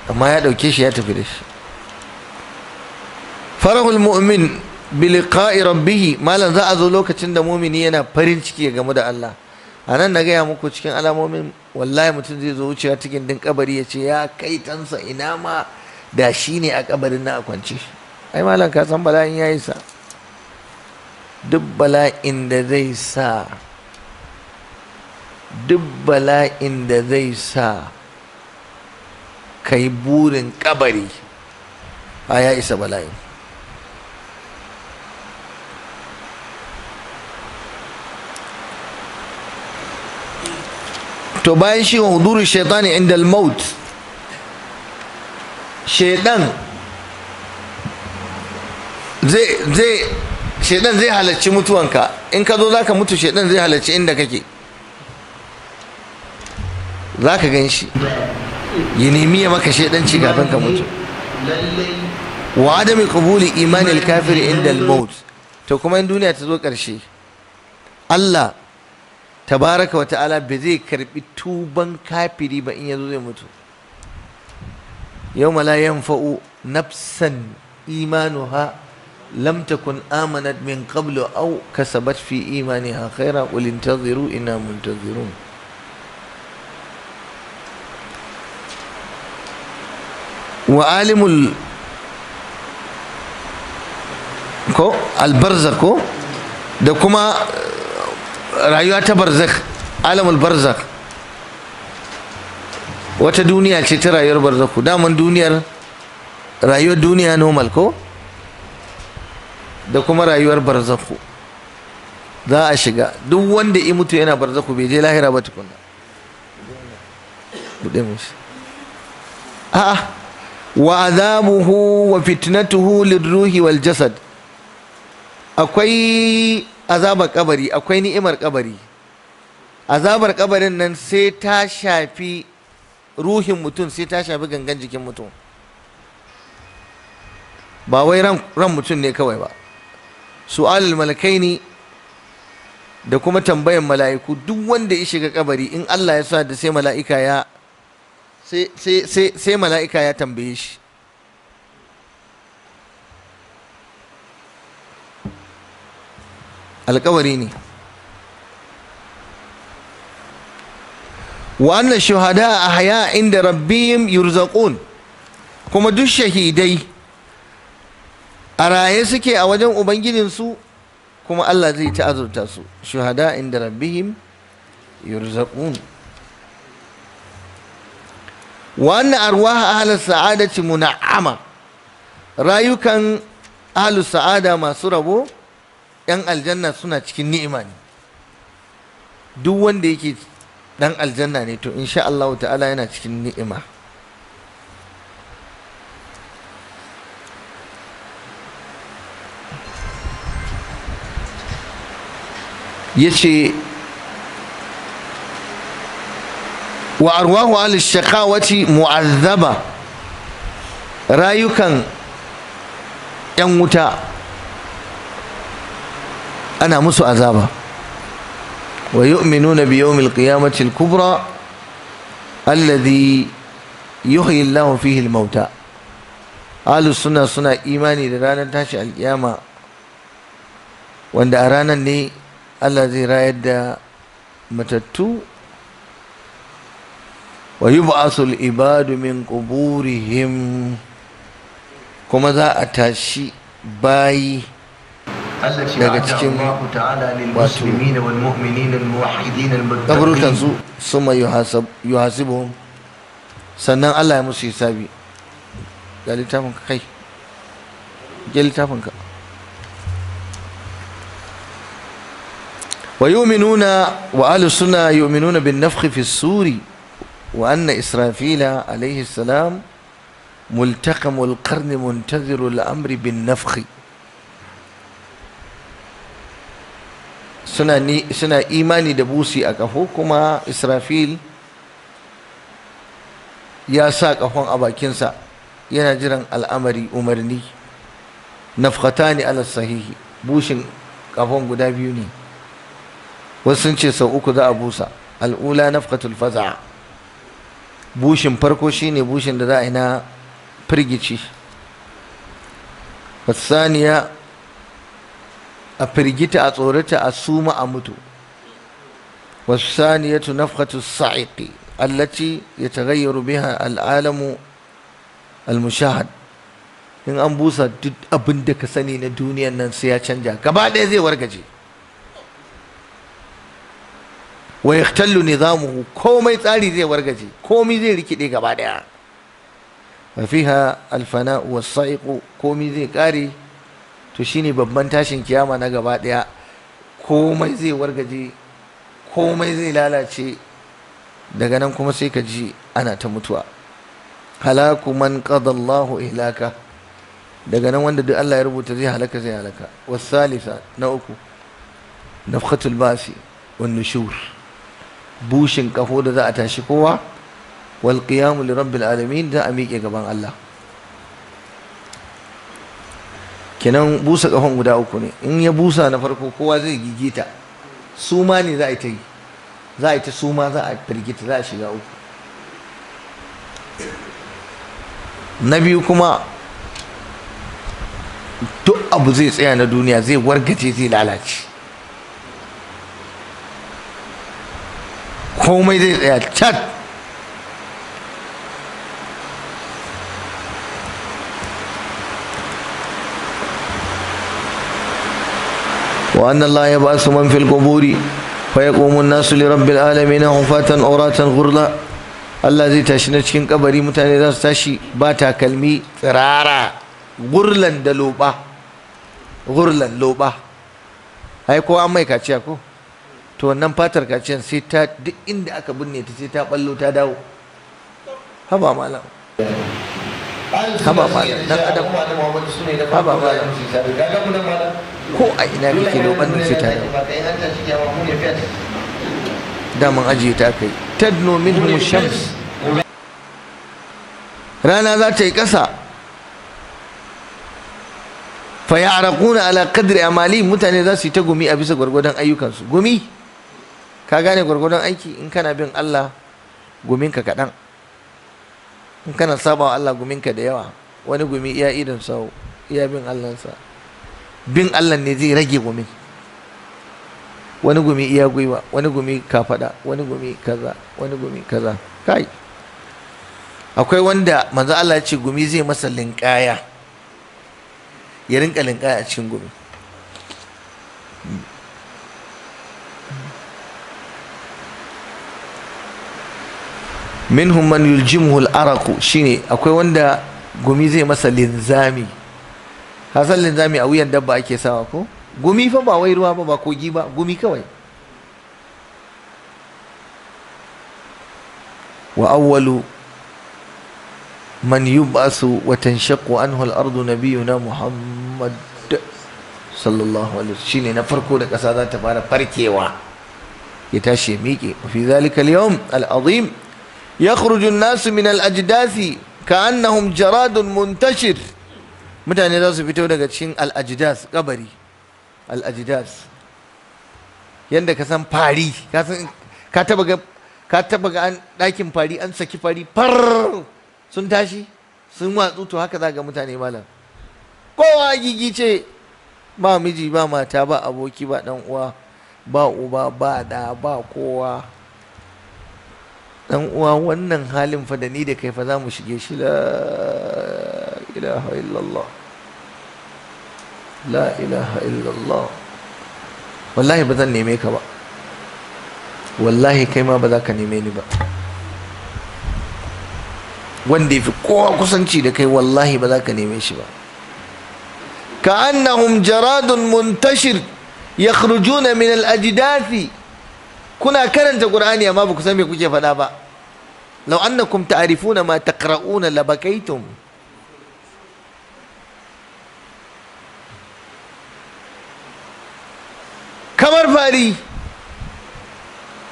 amma ya ɗauke shi ya tafi da shi farahul mu'min bi liqa'i rabbih za a zo lokacin da mumini yana farin ciki game da Allah a nan na gaya muku cikin alamomin wallahi mutum zai zo wucewa cikin din kabari ya ce ya kai tansa ina ma da shi ne a kabarin na a kwance ai malam ka san bala'in ya yi sa duk bala'in da zai sa kai burin kabari a ya isa bala'in to bayan shi wa huduru shaitani inda al-maut shaitan zai halarci mutuwanka in ka zo za ka mutu shaitan zai halarci inda kake za ka gan shi yi nemi ya maka shaidanci gafin ka mutu wa adami kabuli imanil kafiri inda al-maut to kuma in duniya ta zo ƙarshe Allah tabaraka wata'ala ba zai karbi tuban kafiri ba in yazo zai mutu yawma la yanfa'u nafsan imanuha lam takun amanat min qablu aw kasabat fi imaniha khairan qul intaziru inna muntazirun wa alimul ko albarza ko da kuma rayuwa ta barzak alamul barzak wata duniya ce ta rayuwar barzaku daman duniyar rayuwar duniya normal ko da kuma rayuwar barzaku za a shiga duk wanda yi mutu yana barzaku bai je lahira ba tukuna? buɗe wa azabuhu wa fitnatuhu lirruhi wal jasad akwai azabar kabari akwai ni'imar kabari azabar kabarin nan sai ta shafi ruhin mutum sai ta shafi gangan jikin mutum ba wai ran mutum ne kawai ba su'alul malakai ne da kuma tambayan mala'iku duk wanda ya shiga kabari in Allah ya sa da sai mala'ika sai mala'ika ya tambaye shi alkawari ne wa anna shuhada a haya inda rabbihim yurzaqun kuma duk shahidai a raye suke a wajen ubangijinsu kuma Allah zai ta azurta su shuhada inda rabbihim yurzaqun wa anna a ahli sa'adati mun'ama rayukan ahli sa'ada masu rabo 'yan aljanna suna cikin ni'ima ne duk wanda yake ɗan aljanna ne to insha Allah ta'ala yana cikin ni'ima yace wa arwahu ahli shaqawati mu'azzaba rayukan yan wuta ana musu azaba wa bi yawmil kubra alladhi yuhyi Allahu fihi mauta ahlus sunna suna imani da ranar tashi alkiyama wanda a ranar ne Allah zai rayar da matattu ibadu min kuma za a tashi bayi daga cikin wato kaburukansu su mai yuhasibuhum sannan Allah ya musu hisabi ga littafin ka kai ga littafin ka wa yu'minuna wa ahlus sunna yu'minuna bin nafkhi fi suri wa anna israfila alayhi salam multaqamul qarni muntaziru al-amri bin nafkhi suna suna imani da busi a kafo kuma Israfil ya sa kafon a bakinsa yana jiran al'amari umarni nafkatani ala sahihi bushin kafon guda biyu ne wasu sun ce sau uku za a busa al'ula nafkatul faza'a bushin farko shine bushin da za a yi na firgici wasaniya a firgita a tsorata a suma a mutu wasaniyatu nafkhatu ya allati yataghayyaru biha al'alamu al-mushahad in an busa duk abin da ka sani na duniyan nan sai ya canja gaba ɗaya zai wargaje wa nizamuhu komai tsari zai wargaje komai zai rikide gaba ɗaya fa alfana, wasu fanau komai zai ƙare to shine babban tashin kiyama na gaba daya komai zai wargaje komai zai lalace daga nan kuma sai ka ji ana ta mutuwa halaku man qada ihlaka daga nan wanda duk Allah ya rubuta zai halaka zai halaka wasalisa na uku nafkhatul basi wan nushur bushin kafo da za a tashi kowa wal qiyamu li rabbil alamin da a miƙe gaban Allah kenan busa ƙafan guda uku ne in ya busa na farko kowa zai gigita suma ne za a yi ta za a ta suma za a firgita za a shiga uku na biyu kuma duk abu zai tsaya na duniya zai wargace zai lalace komai zai tsaya chat وأن الله يبعث من في القبور فيقوم الناس لرب العالمين حفاة عراة غرلا Allah zai tashi na cikin kabari mutane za su tashi ba takalmi tsirara gurlan da loba gurlan loba ai ko an mai kaciya ko to wannan fatar kaciyan duk inda aka binne ta sai ta ballo ta dawo haba haba malam dan adam haba malam ko a ina kake roƙon da fita da mun ajiye ta kai tadno minhum shams rana za ta yi ƙasa fa ya'raquna ala qadri amali mutane za su yi ta gumi a bisa gwargwadon ayyukansu gumi ka gane gwargwadon aiki in kana bin Allah guminka kaɗan in kana saba wa Allah guminka da yawa wani gumi iya idan sau iya bin Allahnsa bin Allah ne zai rage gumi wani gumi iya gwiwa wani gumi kafada wani gumi kaza wani gumi kaza kai akwai wanda manzo Allah ya ce gumi zai masa linkaya ya rinka linkaya a cikin gumi minhum man yuljimhu al-araq shine akwai wanda gumi zai masa linzami hasan linzami a wuyan dabba ake sawa ko gumi fa ba wai ruwa ba ba kogi ba gumi kawai wa awwalu man yub'asu wa tanshaqu anhu al-ardu nabiyuna muhammad sallallahu alaihi wasallam shine na farko da kasa za ta fara farkewa ya tashi ya miƙe fi zalika al-yawm al-azim yakhrujun nasu min al-ajdasi ka'annahum jaradun muntashir mutane za su fito daga cikin al-ajdas kabari al-ajdas ka san fari ka san an dakin fari an saki fari far sun tashi sun watsu to haka za ga mutane malam kowa gigi ce ba miji ba mata ba aboki ba ɗan uwa ba uba ba da ba kowa dan uwa wannan halin fa da ni da kai fa za mu shige shi la ilaha illallah la ilaha illallah wallahi ba zan neme ka ba wallahi kai ma ba za ka neme ni ba wanda yafi kowa kusanci da kai wallahi ba za ka neme shi ba ka'annahum jaradun muntashir yakhrujuna min al-ajdathi kuna karanta qur'ani amma ba ku san me kuke faɗa ba law annakum ta'rifuna ma taqra'una labakaitum kamar fari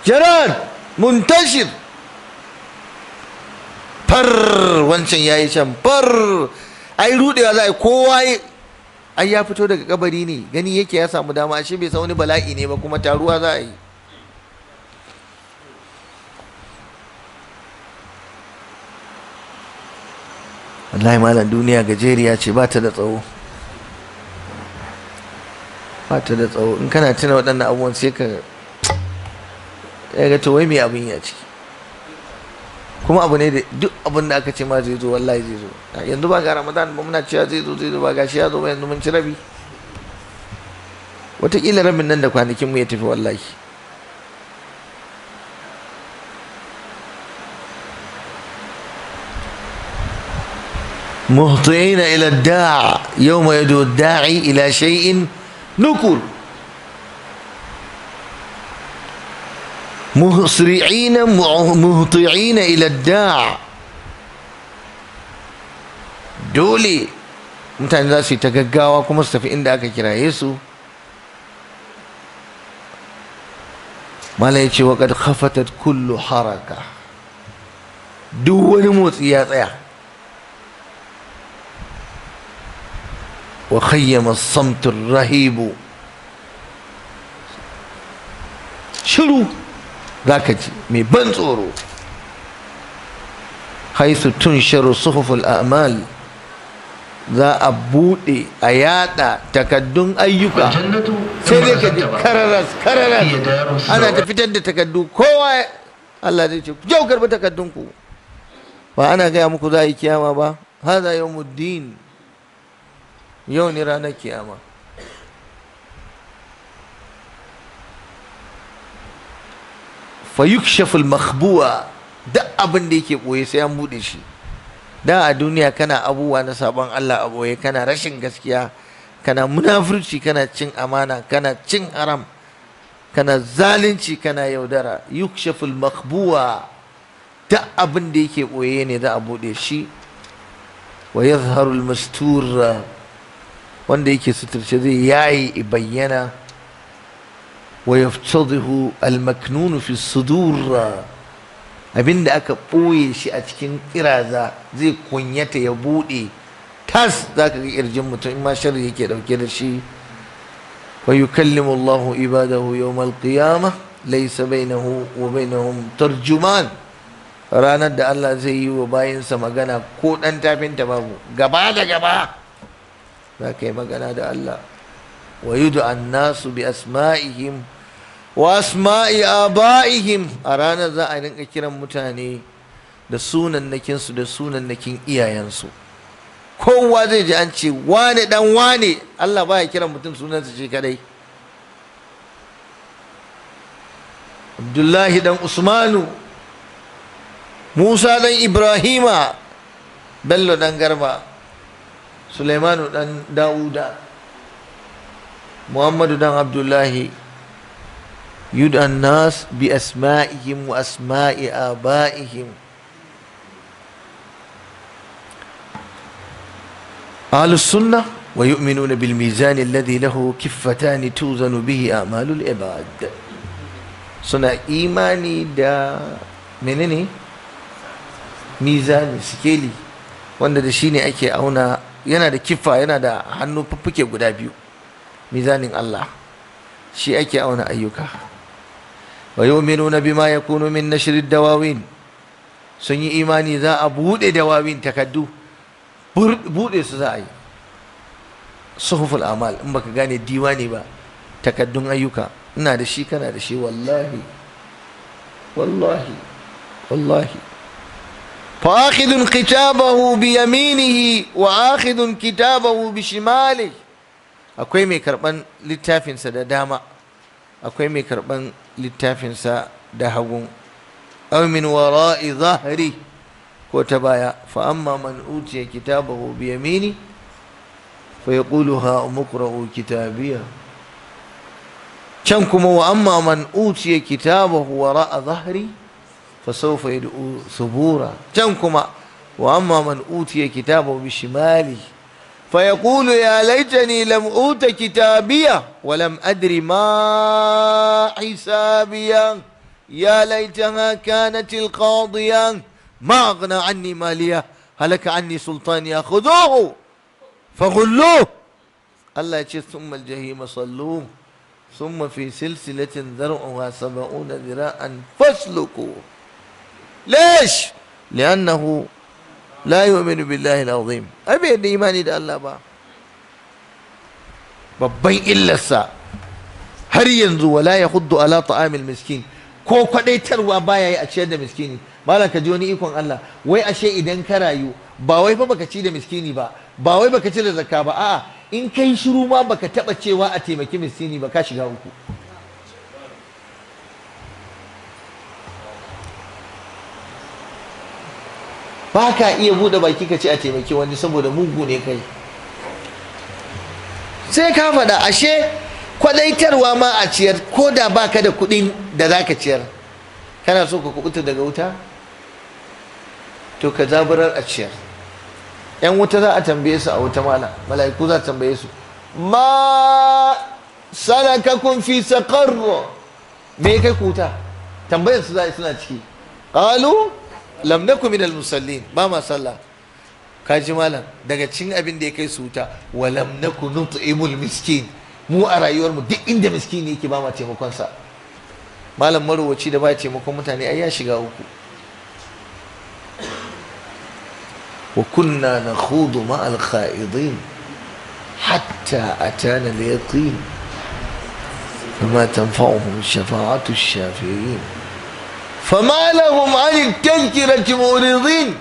jarar muntashir far wancan yayi can far ai rudewa za a kowa ai ya fito daga kabari ne gani yake ya samu dama ashe bai sa wani bala'i ne ba kuma taruwa za a yi wallahi malam duniya gajeriya ce ba ta da tsawo ba ta da tsawo in kana tuna waɗannan abubuwan sai ka ga to wai me abin ya ciki kuma abu ne da duk abin da aka ce ma zai zo wallahi zai zo yanzu ba ga ramadan ba muna cewa zai zo zai zo ba gashi ya zo ba yanzu mun ci rabi wataƙila rabin nan da kwanakin mu ya tafi wallahi مهطعين إلى الداع يوم يدعو الداعي إلى شيء نكر مسرعين مهطعين إلى الداع دولي متعند ذاسي تقاقاوك ومستفى داك كرا يسو ما ليش وقد خفتت كل حركة دول موت يا طيح وخيم الصمت الرهيب shiru za ka ji mai ban tsoro Hai su tun sharu suhuful amal za a buɗe a yaɗa takaddun ayyuka sai dai ka ji kararas kararas ana ta fitar da takaddu kowa Allah zai ce ku jau karbi takaddunku ba ana gaya muku za a yi kyama ba haza yawmuddin yau ne ranar kiyama fayukshaful makhbu'a duk abin da yake ɓoye sai an buɗe shi da a duniya kana abubuwa na sabon Allah a ɓoye kana rashin gaskiya kana munafurci kana cin amana kana cin haram kana zalunci kana yaudara yukshaful makhbu'a duk abin da yake ɓoye ne za a buɗe shi wa yadhharul mastura wanda yake suturce zai yayi bayyana wa yaftadihu al-maknun fi sudur abinda aka ɓoye shi a cikin kiraza zai kunyata ya buɗe tas zaka ga kirjin mutum in ma sharri yake dauke da shi wa yukallimu Allahu ibadahu yawmal qiyamah laysa bainahu wa bainahum tarjuman ranar da Allah zai yi wa bayinsa magana ko dan tafinta babu gaba da gaba za ka yi magana da Allah wa yud'an nasu bi asma'ihim wa asma'i aba'ihim a ranar za a rinka kiran mutane da sunan su da sunan nakin iyayensu kowa zai ji an ce wane dan wane Allah baya kiran mutum sunansa ce kadai Abdullahi dan Usmanu Musa dan Ibrahima Bello dan Garba Sulaimanu dan Dawuda Muhammadu dan Abdullahi yud'an nas bi asma'ihim wa asma'i abaihim Ahlus sunnah wa yu'minuna bil mizan alladhi lahu kiffatan tuzanu bihi a'malul ibad suna imani da menene mizani sikeli wanda da shine ake auna yana da kifa yana da hannu fuffuke guda biyu mizanin Allah shi ake auna ayyuka wa yu'minuna bima yakunu min nashrid dawawin sun yi imani za a bude dawawin takaddu bude su za a yi suhuful amal in baka gane diwani ba takaddun ayyuka ina da shi kana da shi wallahi wallahi wallahi فآخذ كتابه بيمينه وآخذ كتابه بشماله akwai mai karban littafinsa da dama akwai mai karban littafinsa da hagu aw min wara'i ko ta baya fa amma man utiya kitabahu bi yamini fa yaqulu ha umqra'u kitabiya can kuma wa amma man utiya kitabahu wara'a zahri فسوف يدعو ثبورا تنكما وأما من أوتي كتابه بشماله فيقول يا ليتني لم أوت كتابية ولم أدر ما حسابيا يا ليتها كانت القاضية ما أغنى عني مالية هلك عني سلطانيا خذوه فغلوه الله يقول ثم الجحيم صلوه ثم في سلسلة ذرعها سبعون ذراعا فاسلكوه ليش لأنه لا يؤمن بالله العظيم أبي يد إيماني الله با babban illarsa har yanzu wala ya huddu ala ta'amil miskin ko kwadaitarwa baya yi a ciyar da miskini malam ka ji wani ikon Allah wai ashe idan ka rayu ba wai fa baka ci da miskini ba ba wai baka ci da zakka ba a'a in kai shiru ma baka taba cewa a taimaki miskini ba ka shiga uku ba ka iya buɗe baki ka ce a taimaki wani saboda mugu ne kai sai ka faɗa ashe kwadaitarwa ma a ciyar ko da ba ka da kuɗin da za ka ciyar kana so ka kubuta daga wuta to ka zaburar a ciyar yan wuta za a tambaye su a wuta mala mala'iku za a tambaye su ma kun fi sakarro. me kai kuta tambayar su za a suna ciki ƙalu lam naku minal musallin ba ma sallah kaji malam daga cin abin da ya kai su wuta wa lam naku nut'imul miskin mu a rayuwar mu duk inda miskini yake ba ma taimakon sa malam marowaci da ba taimakon mutane ai ya shiga uku wa kunna nakhudu ma al kha'idin hatta atana al yaqin فما تنفعهم شفاعة الشافعين فما لهم عن التذكرة مؤرضين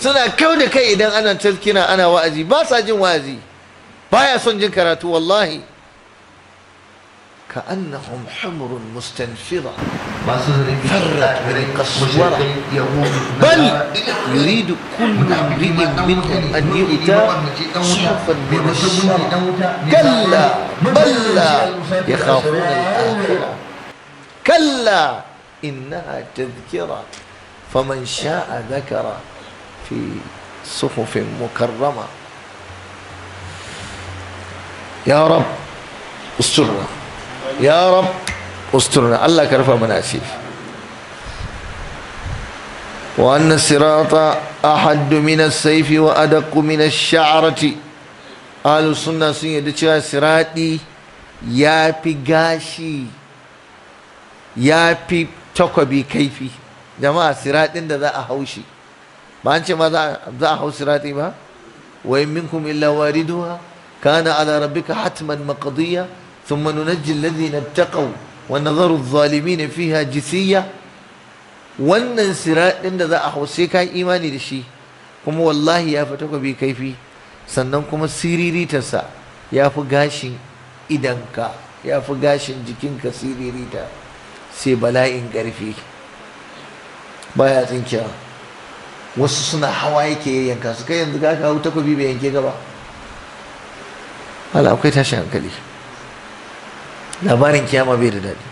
سنة كون كي إذا أنا تذكرة أنا وأزي wa'azi ba sa jin wa'azi baya son كأنهم حمر مستنفرة فرت من الصورة بل يريد كل امرئ منهم أن يؤتى صحفا الشر كلا بل يخافون الآخرة كلا إنها تذكرة فمن شاء ذكر في صفوف مكرمة يا رب استرنا يا رب استرنا الله كرف مناسيف وأن الصراط أحد من السيف وأدق من الشعرة أهل سنة سنة cewa سراتي يا بي gashi يا بي takwabi kaifi jama'a siratin da za a haushi ba an ce ma za a hau sirati ba wa in minkum illa wariduha kana ala rabbika hatman maqdiya thumma nunajji alladhina ittaqaw wa nadharu adh-dhalimin fiha jisiya wannan siratin da za a hau sai ka imani da shi kuma wallahi ya fi takwabi kaifi sannan kuma siriritarsa ya fi gashin idanka ya fi gashin jikinka siririta sai bala'in ƙarfi baya tsinkiya wasu suna hawa yake yanka su kai yanzu gaka hau takobi bai yanke gaba ala akwai tashin hankali labarin kiyama bai da daɗi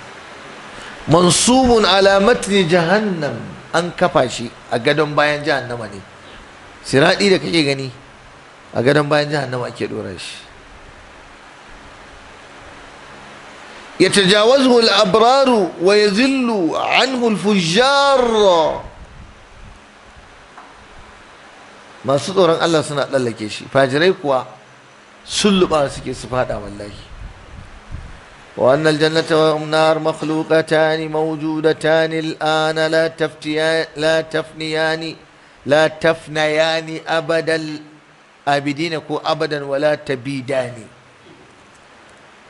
mansubun alamatin jahannam an kafa shi a gadon bayan jahannama ne siraɗi da kake gani a gadon bayan jahannama ake ɗora shi يتجاوزه الأبرار ويذل عنه الفجار ما صدوران الله سنة الله كيشي فاجريكوا سلبا سكي سفادا والله وأن الجنة والنار مخلوقتان موجودتان الآن لا تفتيان لا تفنيان لا تفنيان أبدا أبدين أبدا ولا تبيدان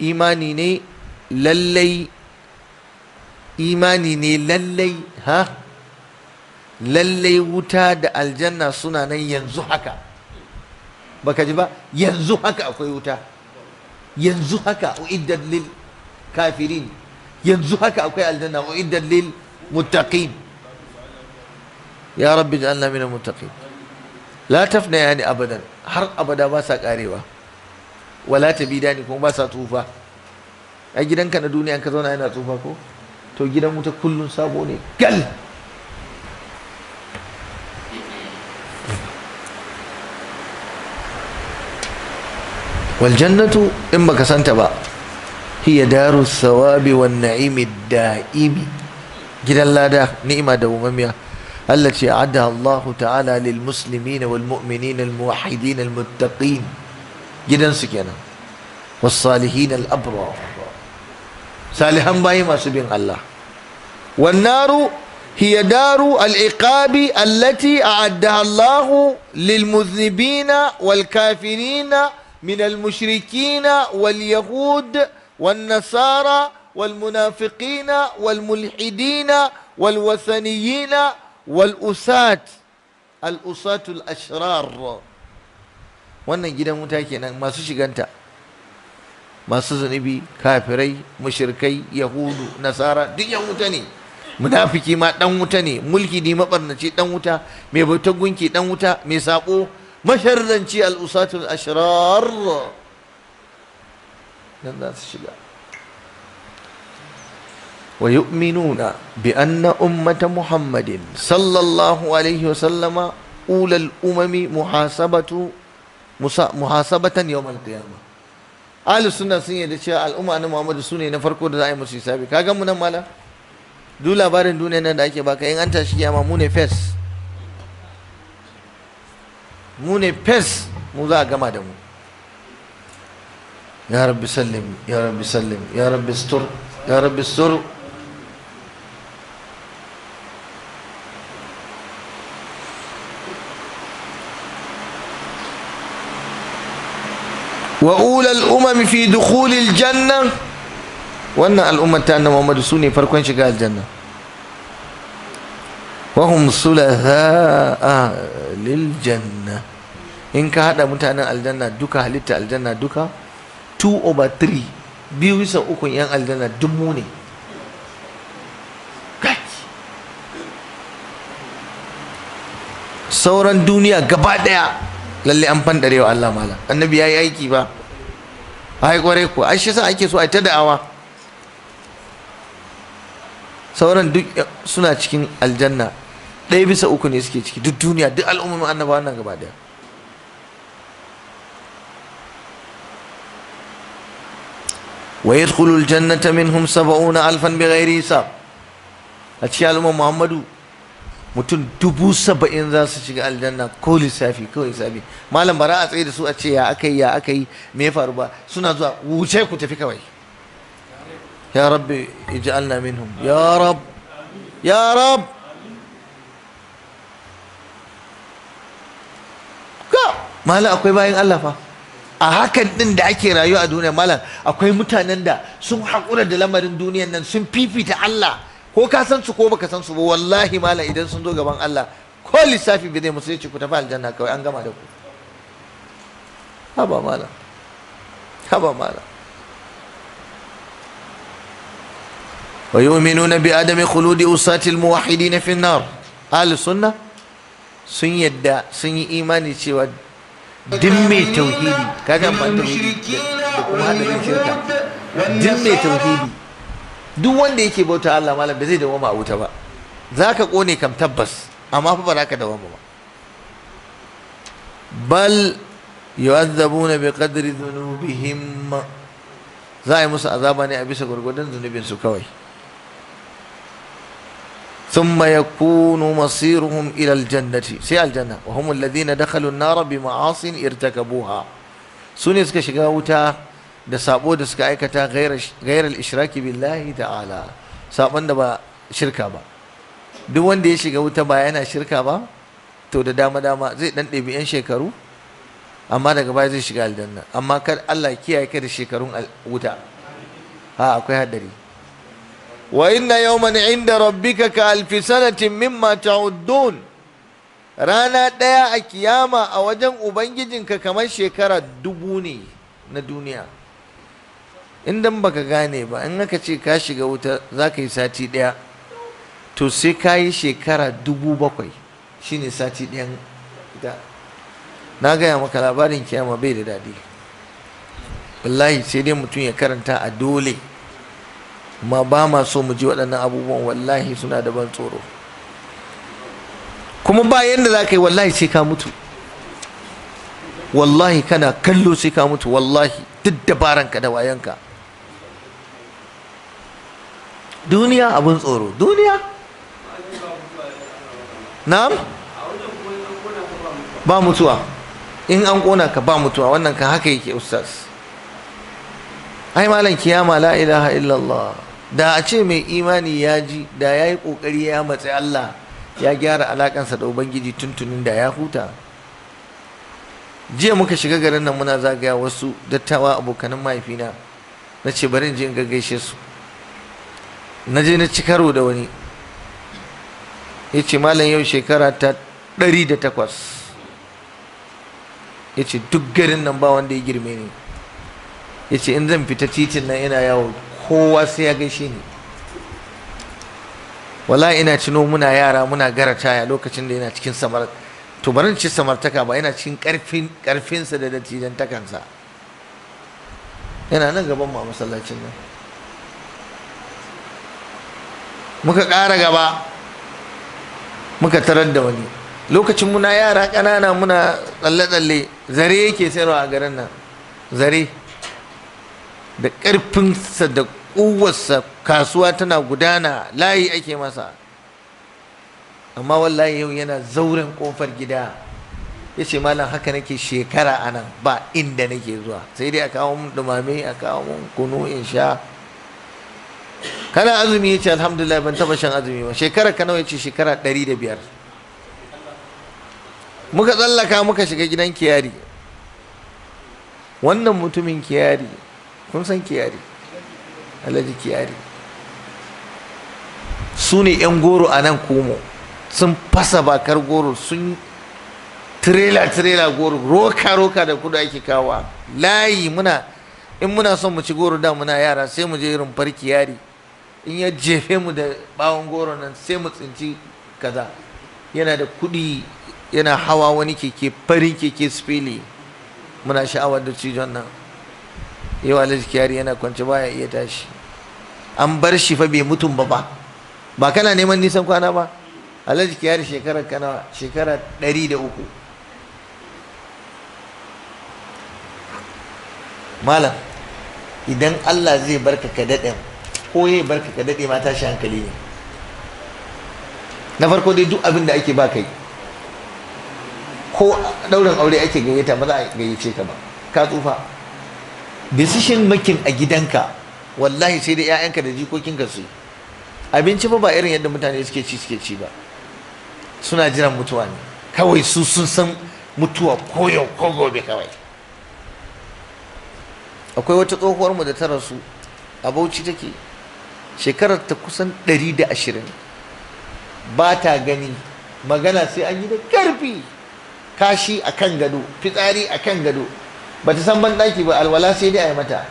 إيماني lallai imani ne lallai ha lallai wuta da aljanna suna nan yanzu haka baka ji ba yanzu haka akwai wuta yanzu haka uiddat lil kafirin yanzu haka akwai aljanna uiddat lil muttaqin ya rabbi ja'alna min muttaqin la tafna yani abadan har abada ba sa karewa wala tabidani kuma ba sa tufa a gidanka na duniya ka zauna yana tsufa ko to gidan wuta kullum sabo ne gal waljannatu in baka santa ba hiya daru sawabi wan na'imi da'imi gidan lada ni'ima da umamiya التي أعدها الله تعالى للمسلمين والمؤمنين الموحدين المتقين جدا سكينة والصالحين الأبرار صالح باي ما سبين الله والنار هي دار العقاب التي أعدها الله للمذنبين والكافرين من المشركين واليهود والنصارى والمنافقين والملحدين والوثنيين والأساة الأساة الأشرار وانا جدا متاكينا ما سوشي masu zunubi kafirai mushrikai yahudu nasara duk yan wuta ne munafiki ma dan wuta ne mulki mabarnaci dan wuta mai bautar gunki dan wuta mai sako masharranci al'usatul ashrar nan za su shiga ويؤمنون بأن أمة محمد صلى الله عليه وسلم أولى الأمم محاسبة محاسبة يوم القيامة ahlus sunna sun yarda cewa al'umma na Muhammadu su ne na farko da za a yi musu hisabi ka ga mu nan mala duk labarin duniya nan da ake baka in an tashi kiyama mu ne fes mu ne fes mu za a gama da mu ya rabbi sallim ya rabbi sallim ya rabbi stur ya rabbi stur wa ulal الأمم في دخول الجنة وأن الأمة تأن محمد سوني فرقين شقاء الجنة وهم صلهاء للجنة إن كهذا متأنا الجنة دوكا هلتا الجنة دوكا 2 over 3 biyu bisa ukun 'yan aljanna dubu ne sauran duniya gaba daya lalle an fandarewa Allah mala annabi ya yi aiki ba ai kwarai ku ai shi yasa ake so ai ta da'awa sauran duk suna cikin aljanna ɗaya bisa uku ne suke ciki duk duniya duk al'ummomin annaba nan gaba daya wa yadkhulul jannata minhum sab'una alfan bighairi hisab a cikin al'ummar muhammadu mutum dubu saba'in za su shiga aljanna ko lissafi ko lissafi malam bara a tsaye da su a ce ya aka yi ya aka yi me ya faru ba suna zuwa wuce ku tafi kawai ya rabbi ij'alna minhum ya rab ya rab ka malam akwai bayan Allah fa a hakan din da ake rayuwa a duniya malam akwai mutanen da sun haƙura da lamarin duniyan nan sun fifita Allah ko ka san su ko baka san su ba wallahi mala, idan sun zo gaban Allah ko lissafi bai zai musu ya ce ku tafi aljanna kawai an gama da ku haba mala, haba bi ويؤمنون بآدم خلود أساة الموحدين في النار أهل السنة sun yadda sun yi imani cewa duk mai tauhidi kaga ban tauhidi da kuma hadarin shirka duk mai tauhidi duk wanda yake bauta Allah malam ba zai dawoma a wuta ba za ka kone kam tabbas amma fa ba za ka dawoma ba bal yu'azzabuna bi qadri dhunubihim za a yi musu azaba ne a bisa gurgurdan zunubin su kawai ثم يكون مصيرهم إلى الجنة سي الجنة وهم الذين دخلوا النار بمعاصٍ ارتكبوها shiga wuta. da sabo da suka aikata gairar ishraki billahi ta'ala sabon da ba shirka ba duk wanda ya shiga wuta ba yana shirka ba to da dama dama zai dan ɗebi yan shekaru amma daga baya zai shiga aljanna amma kar Allah kiyaye ka da shekarun wuta ha akwai hadari wa inna yawman inda rabbika ka alfi sanatin mimma ta'uddun rana ɗaya a kiyama a wajen ubangijinka kamar shekara dubu ne na duniya in dan baka gane ba in aka ce ka shiga wuta za ka yi sati ɗaya to sai ka yi shekara dubu bakwai shine sati ɗayan da na gaya maka labarin kiyama bai da daɗi wallahi sai dai mutum ya karanta a dole ma ba ma so mu ji waɗannan abubuwan wallahi suna da ban tsoro kuma ba yadda za ka yi wallahi sai ka mutu wallahi kana kallo sai ka mutu wallahi duk dabaranka da wayanka duniya abun tsoro duniya na'am ba mutuwa in an kona ka ba mutuwa wannan ka haka yake ustaz ai malam kiyama la ilaha illallah da a ce mai imani ya ji da ya yi ƙoƙari ya matsayi Allah ya gyara alakansa da ubangiji tuntunin da ya huta jiya muka shiga garin nan muna zagaya wasu dattawa abokanan mahaifina na ce bari in je in gaggaishe su na je na ci karo da wani ya ce malam yau shekara ta ɗari da takwas ya ce duk garin nan ba wanda ya girme ne. ya ce in zan fita titin nan ina yawo kowa sai ya gaishe ni wala ina cino muna yara muna gara lokacin da yana cikin samar to barin ci samartaka ba yana cikin karfin karfinsa da dattijan takansa yana nan gaban ma masallacin nan muka ƙara gaba muka tarar da wani lokacin muna yara ƙanana muna tsalle-tsalle zare yake sayarwa a garin nan zare da ƙarfinsa da ƙuwarsa kasuwa tana gudana layi ake masa amma wallahi yau yana zauren ƙofar gida ya ce malam haka nake shekara a nan ba inda nake zuwa sai dai a kawo mun dumame a kawo mun kunu in sha kana azumi yace ce alhamdulillah ban taba shan azumi ba shekara ka nawa ya ce shekara ɗari da biyar muka tsallaka muka shiga gidan kiyari wannan mutumin kiyari kun san kiyari alhaji kiyari su ne 'yan goro a nan komo sun fasa bakar goro sun trela trela goro roka roka da kudu ake kawa layi muna in muna son mu ci goro da muna yara sai mu je irin farki yari in ya jefe mu da bawon goro nan sai mu tsinci kaza yana da kuɗi yana hawa wani keke farin keke spili muna sha'awar da cijon nan yau alhaji kyari yana kwanci baya iya tashi an bar shi fa bai mutum ba ba ba kana neman nisan kwana ba alhaji kyari shekarar kana shekara ɗari da uku malam idan allah zai barka ka daɗin ko ya barka ka daɗe mata shi hankali ne na farko dai duk abin da ake ba kai ko ɗaurin aure ake gayyata ba za a gayyace ka ba ka tsufa decision making a gidanka wallahi sai da 'ya'yanka da jikokinka su abinci fa ba irin yadda mutane suke ci suke ci ba suna jiran mutuwa ne kawai su sun san mutuwa ko yau ko gobe kawai akwai wata tsohuwar mu da ta rasu a bauchi take shekarar ta kusan 120 ba ta gani magana sai an yi da karfi kashi a kan gado fitsari a kan gado ba ta san banɗaki ba alwala sai dai a yi mata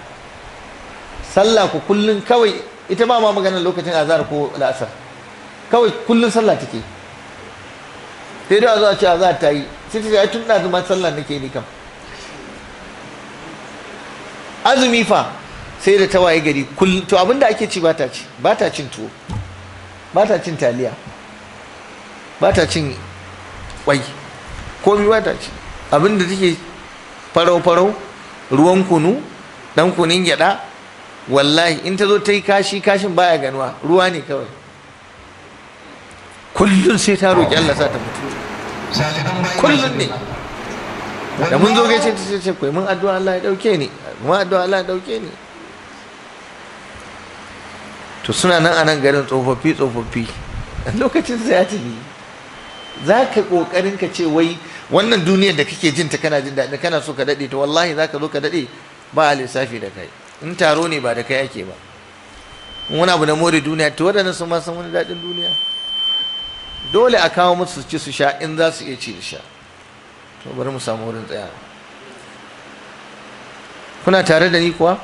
sallah ku kullum kawai ita ba ma maganar lokacin azhar ko la'asar kawai kullum sallah take sai dai a zuwa ce azhar ta yi sai ta ce tun da zuma sallah nake ni kam azumi fa sai da ta waye gari to abinda ake ci ba ta ci ba ta cin tuwo ba ta cin taliya ba ta cin kwai komi ba ta ci abinda take farau-farau ruwan kunu dan kunin gyada wallahi in ta zo ta yi kashi kashin baya ganuwa ruwa ne kawai kullum sai ta roƙi Allah sa ta mutu kullum ne da mun zo gaishe ta ce kai mun addu'a Allah ya dauke ni mun addu'a Allah ya dauke ni to suna nan a nan garin tsofaffi tsofaffi lokacin sa ya tafi za ka ƙoƙarin ka ce wai wannan duniyar da kake jin ta kana jin daɗi kana so ka daɗe to wallahi za ka zo ka daɗe ba a lissafi da kai in taro ne ba da kai ake ba wani abu na more duniya to waɗannan sun ma san wani daɗin duniya dole a kawo musu su ci su sha in za su iya ci da sha to bari mu samu wurin tsaya kuna tare da ni kuwa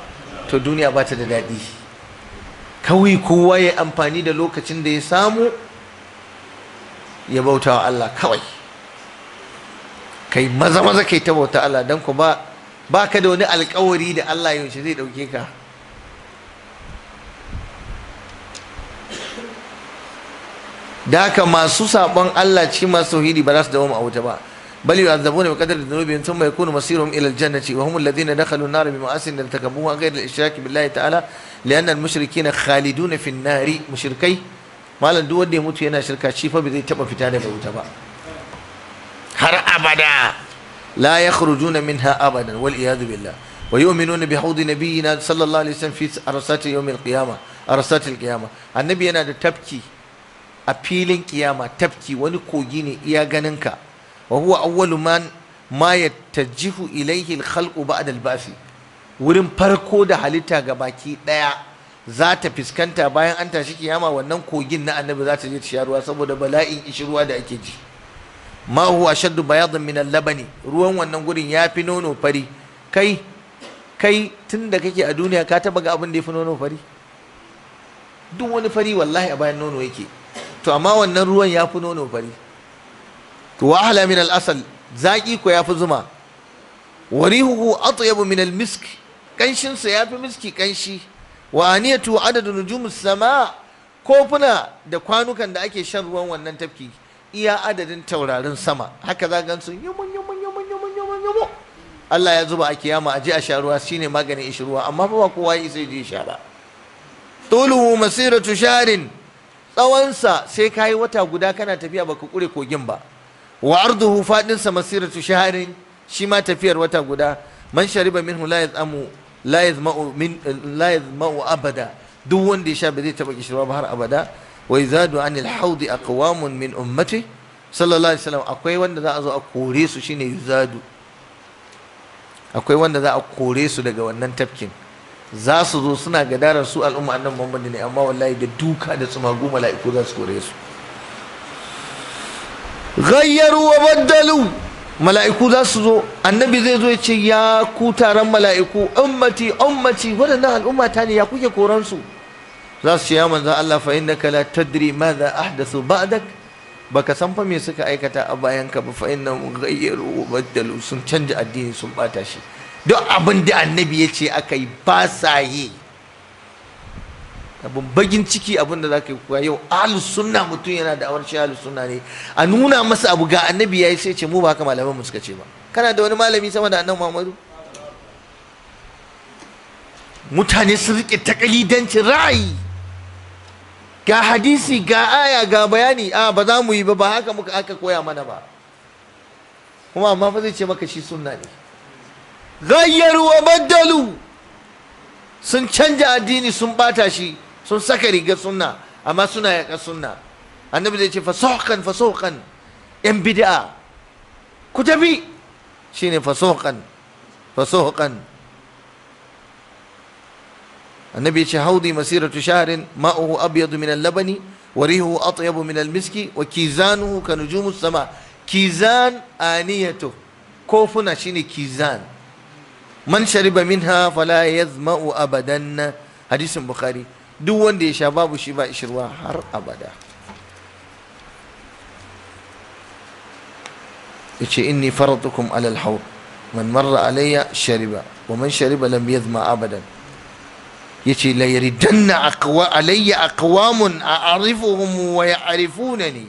to duniya ba ta da daɗi kawai kowa ya amfani da lokacin da ya samu ya bauta wa Allah kawai kai maza maza kai ta bauta Allah don ku ba ba ka da wani alkawari da Allah yaushe zai ɗauke ka da haka masu saɓon Allah ci masu hidi ba za su dawo a wuta ba بل يعذبون بقدر ذنوبهم ثم يكون مصيرهم إلى الجنة وهم الذين دخلوا النار بمآسن ارتكبوها غير الإشراك بالله تعالى لأن المشركين خالدون في النار مشركي ما لن دو ودي موتو ينا شركة شيفا بذي تبا في تانا بوتبا هر أبدا لا يخرجون منها أبدا والعياذ بالله ويؤمنون بحوض نبينا صلى الله عليه وسلم في أرسات يوم القيامة أرسات القيامة النبي أنا تبكي أبيلين قيامة تبكي ونكو جيني إيا غننكا wa huwa awwalu man ma yattajihu ilayhi al-khalqu ba'da al wurin farko da halitta ga baki daya za ta fiskanta bayan an tashi kiyama wannan kogin na annabi za ta je ta sharuwa saboda bala'in ishirwa da ake ji ma huwa shaddu bayadun min labani ruwan wannan gurin ya fi nono fari kai tun da kake a duniya ka taba ga abin da ya fi nono fari duk wani fari wallahi a bayan nono yake to amma wannan ruwan ya fi nono fari to wa ahla min al-asal zaki ko yafi zuma warihu atyabu min al-misk kanshin sa yafi miski kanshi wa aniyatu adadu adadin sama kofuna da kwanukan da ake shan ruwan wannan tafki iya adadin taurarin sama haka za gan su yumun yumun yumun yumun yumun yumun Allah ya zuba a kiyama a je a sha ruwa shine maganin ishi ruwa amma fa ba kowa yi sai je sha ba tuluhu masiratu sharin tsawonsa sai kayi wata guda kana tafiya baka kure kogin ba wa arduhu fadin sa masiratu shaharin shi ma tafiyar wata guda man shariba minhu la yazamu la yazma'u min la yazma'u abada duk wanda ya sha ba zai taba kishirwa ba har abada wa yazadu anil haudi aqwamun min ummati sallallahu alaihi wasallam akwai wanda za a zo a kore su shine yazadu akwai wanda za a kore su daga wannan tafkin za su zo suna gadarar su al'umma annabawan muhammad ne amma wallahi da duka da goma mala'iku za su kore su ghayyaru wa baddalu mala'iku za su zo annabi zai zo ya ce ya taron mala'iku ummati ummati waɗannan al'umma ta ne ya kuke koransu. su za su ce ya manzo Allah fa innaka la tadri madha ahdathu ba'dak baka san fa me suka aikata a bayan ka ba fa innahum baddalu sun canja addini sun bata shi duk abin da annabi yace ce aka yi ba sa abin bagin ciki abin da zaka yi kuwa yau ahlus sunna mutum yana da awar shi ahlus sunna ne a nuna masa abu ga annabi yayi sai ce mu ba haka malaman mu suka ce ba kana da wani malami sama da annabi Muhammadu mutane su rike takalidancin ra'ayi ga hadisi ga aya ga bayani a ba za mu yi ba ba haka muka aka koya mana ba kuma amma fa zai ce maka shi sunna ne gayyaru wa baddalu sun canja addini sun bata shi sun saka rigar sunna amma suna yaƙa sunna annabi zai ce fasohkan fasohkan yan bid'a ku tafi shine fasohkan fasohkan annabi ce haudi masiratu shaharin ma'uhu abyadu min al-labani wa rihuhu atyabu min al-miski wa kizanuhu ka nujumus sama kizan aniyatu kofuna shine kizan man shariba minha fala yazma'u abadan hadisin bukhari duk wanda ya sha babu shi ba ishirwa har abada yace inni faratukum alal haur man marra alayya shariba wa man shariba lam yadhma abadan yace la yaridanna aqwa alayya aqwamun a'rifuhum wa ya'rifunani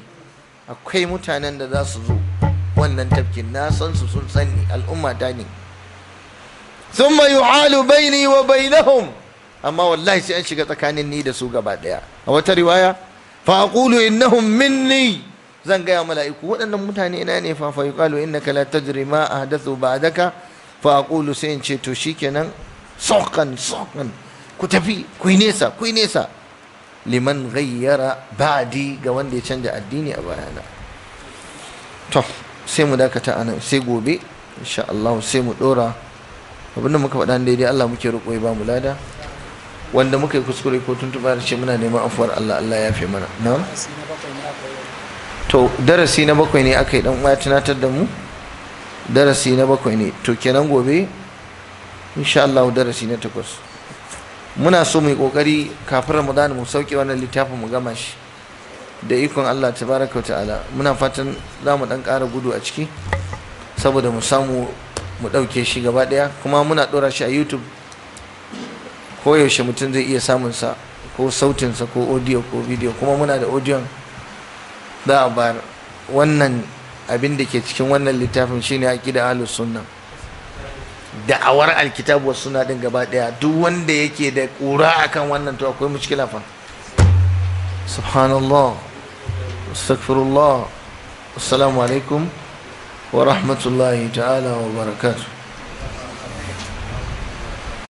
akwai mutanen da za su zo wannan tafkin na san su sun sani al'umma ta ne thumma yu'alu baini wa bainahum amma wallahi sai an shiga tsakanin ni da su gaba daya a wata riwaya fa aqulu innahum minni zan gaya mala'iku waɗannan mutane ina ne fa fa yuqalu innaka la tajri ma ahdathu ba'daka fa aqulu sai in ce to shikenan sokan sokan ku tafi ku nesa ku nesa liman ghayyara ba'di ga wanda ya canja addini a bayana to sai mu dakata anan sai gobe insha Allah sai mu dora abinda muka faɗa daidai Allah muke roƙo ya ba mu lada wanda muka yi kuskure ko tuntuɓa da ce muna neman afuwar Allah Allah ya fi mana na? to darasi na bakwai ne aka yi dan uwa tunatar da mu darasi na bakwai ne to kenan gobe insha Allah darasi na takwas muna so mu yi kokari kafin Ramadan mu sauke wannan littafin mu gama shi da ikon Allah tabaraka ta'ala muna fatan za mu dan ƙara gudu a ciki saboda mu samu mu ɗauke shi gaba ɗaya kuma muna ɗora shi a YouTube koyaushe mutum zai iya samun sa ko sautinsa ko audio ko video kuma muna da audio za a bar wannan abin da ke cikin wannan littafin shine aqida ahlus sunna da'awar alkitabu was sunna din gaba daya duk wanda yake da kura akan wannan to akwai mushkila fa subhanallah astaghfirullah assalamu alaikum wa rahmatullahi ta'ala wa barakatuh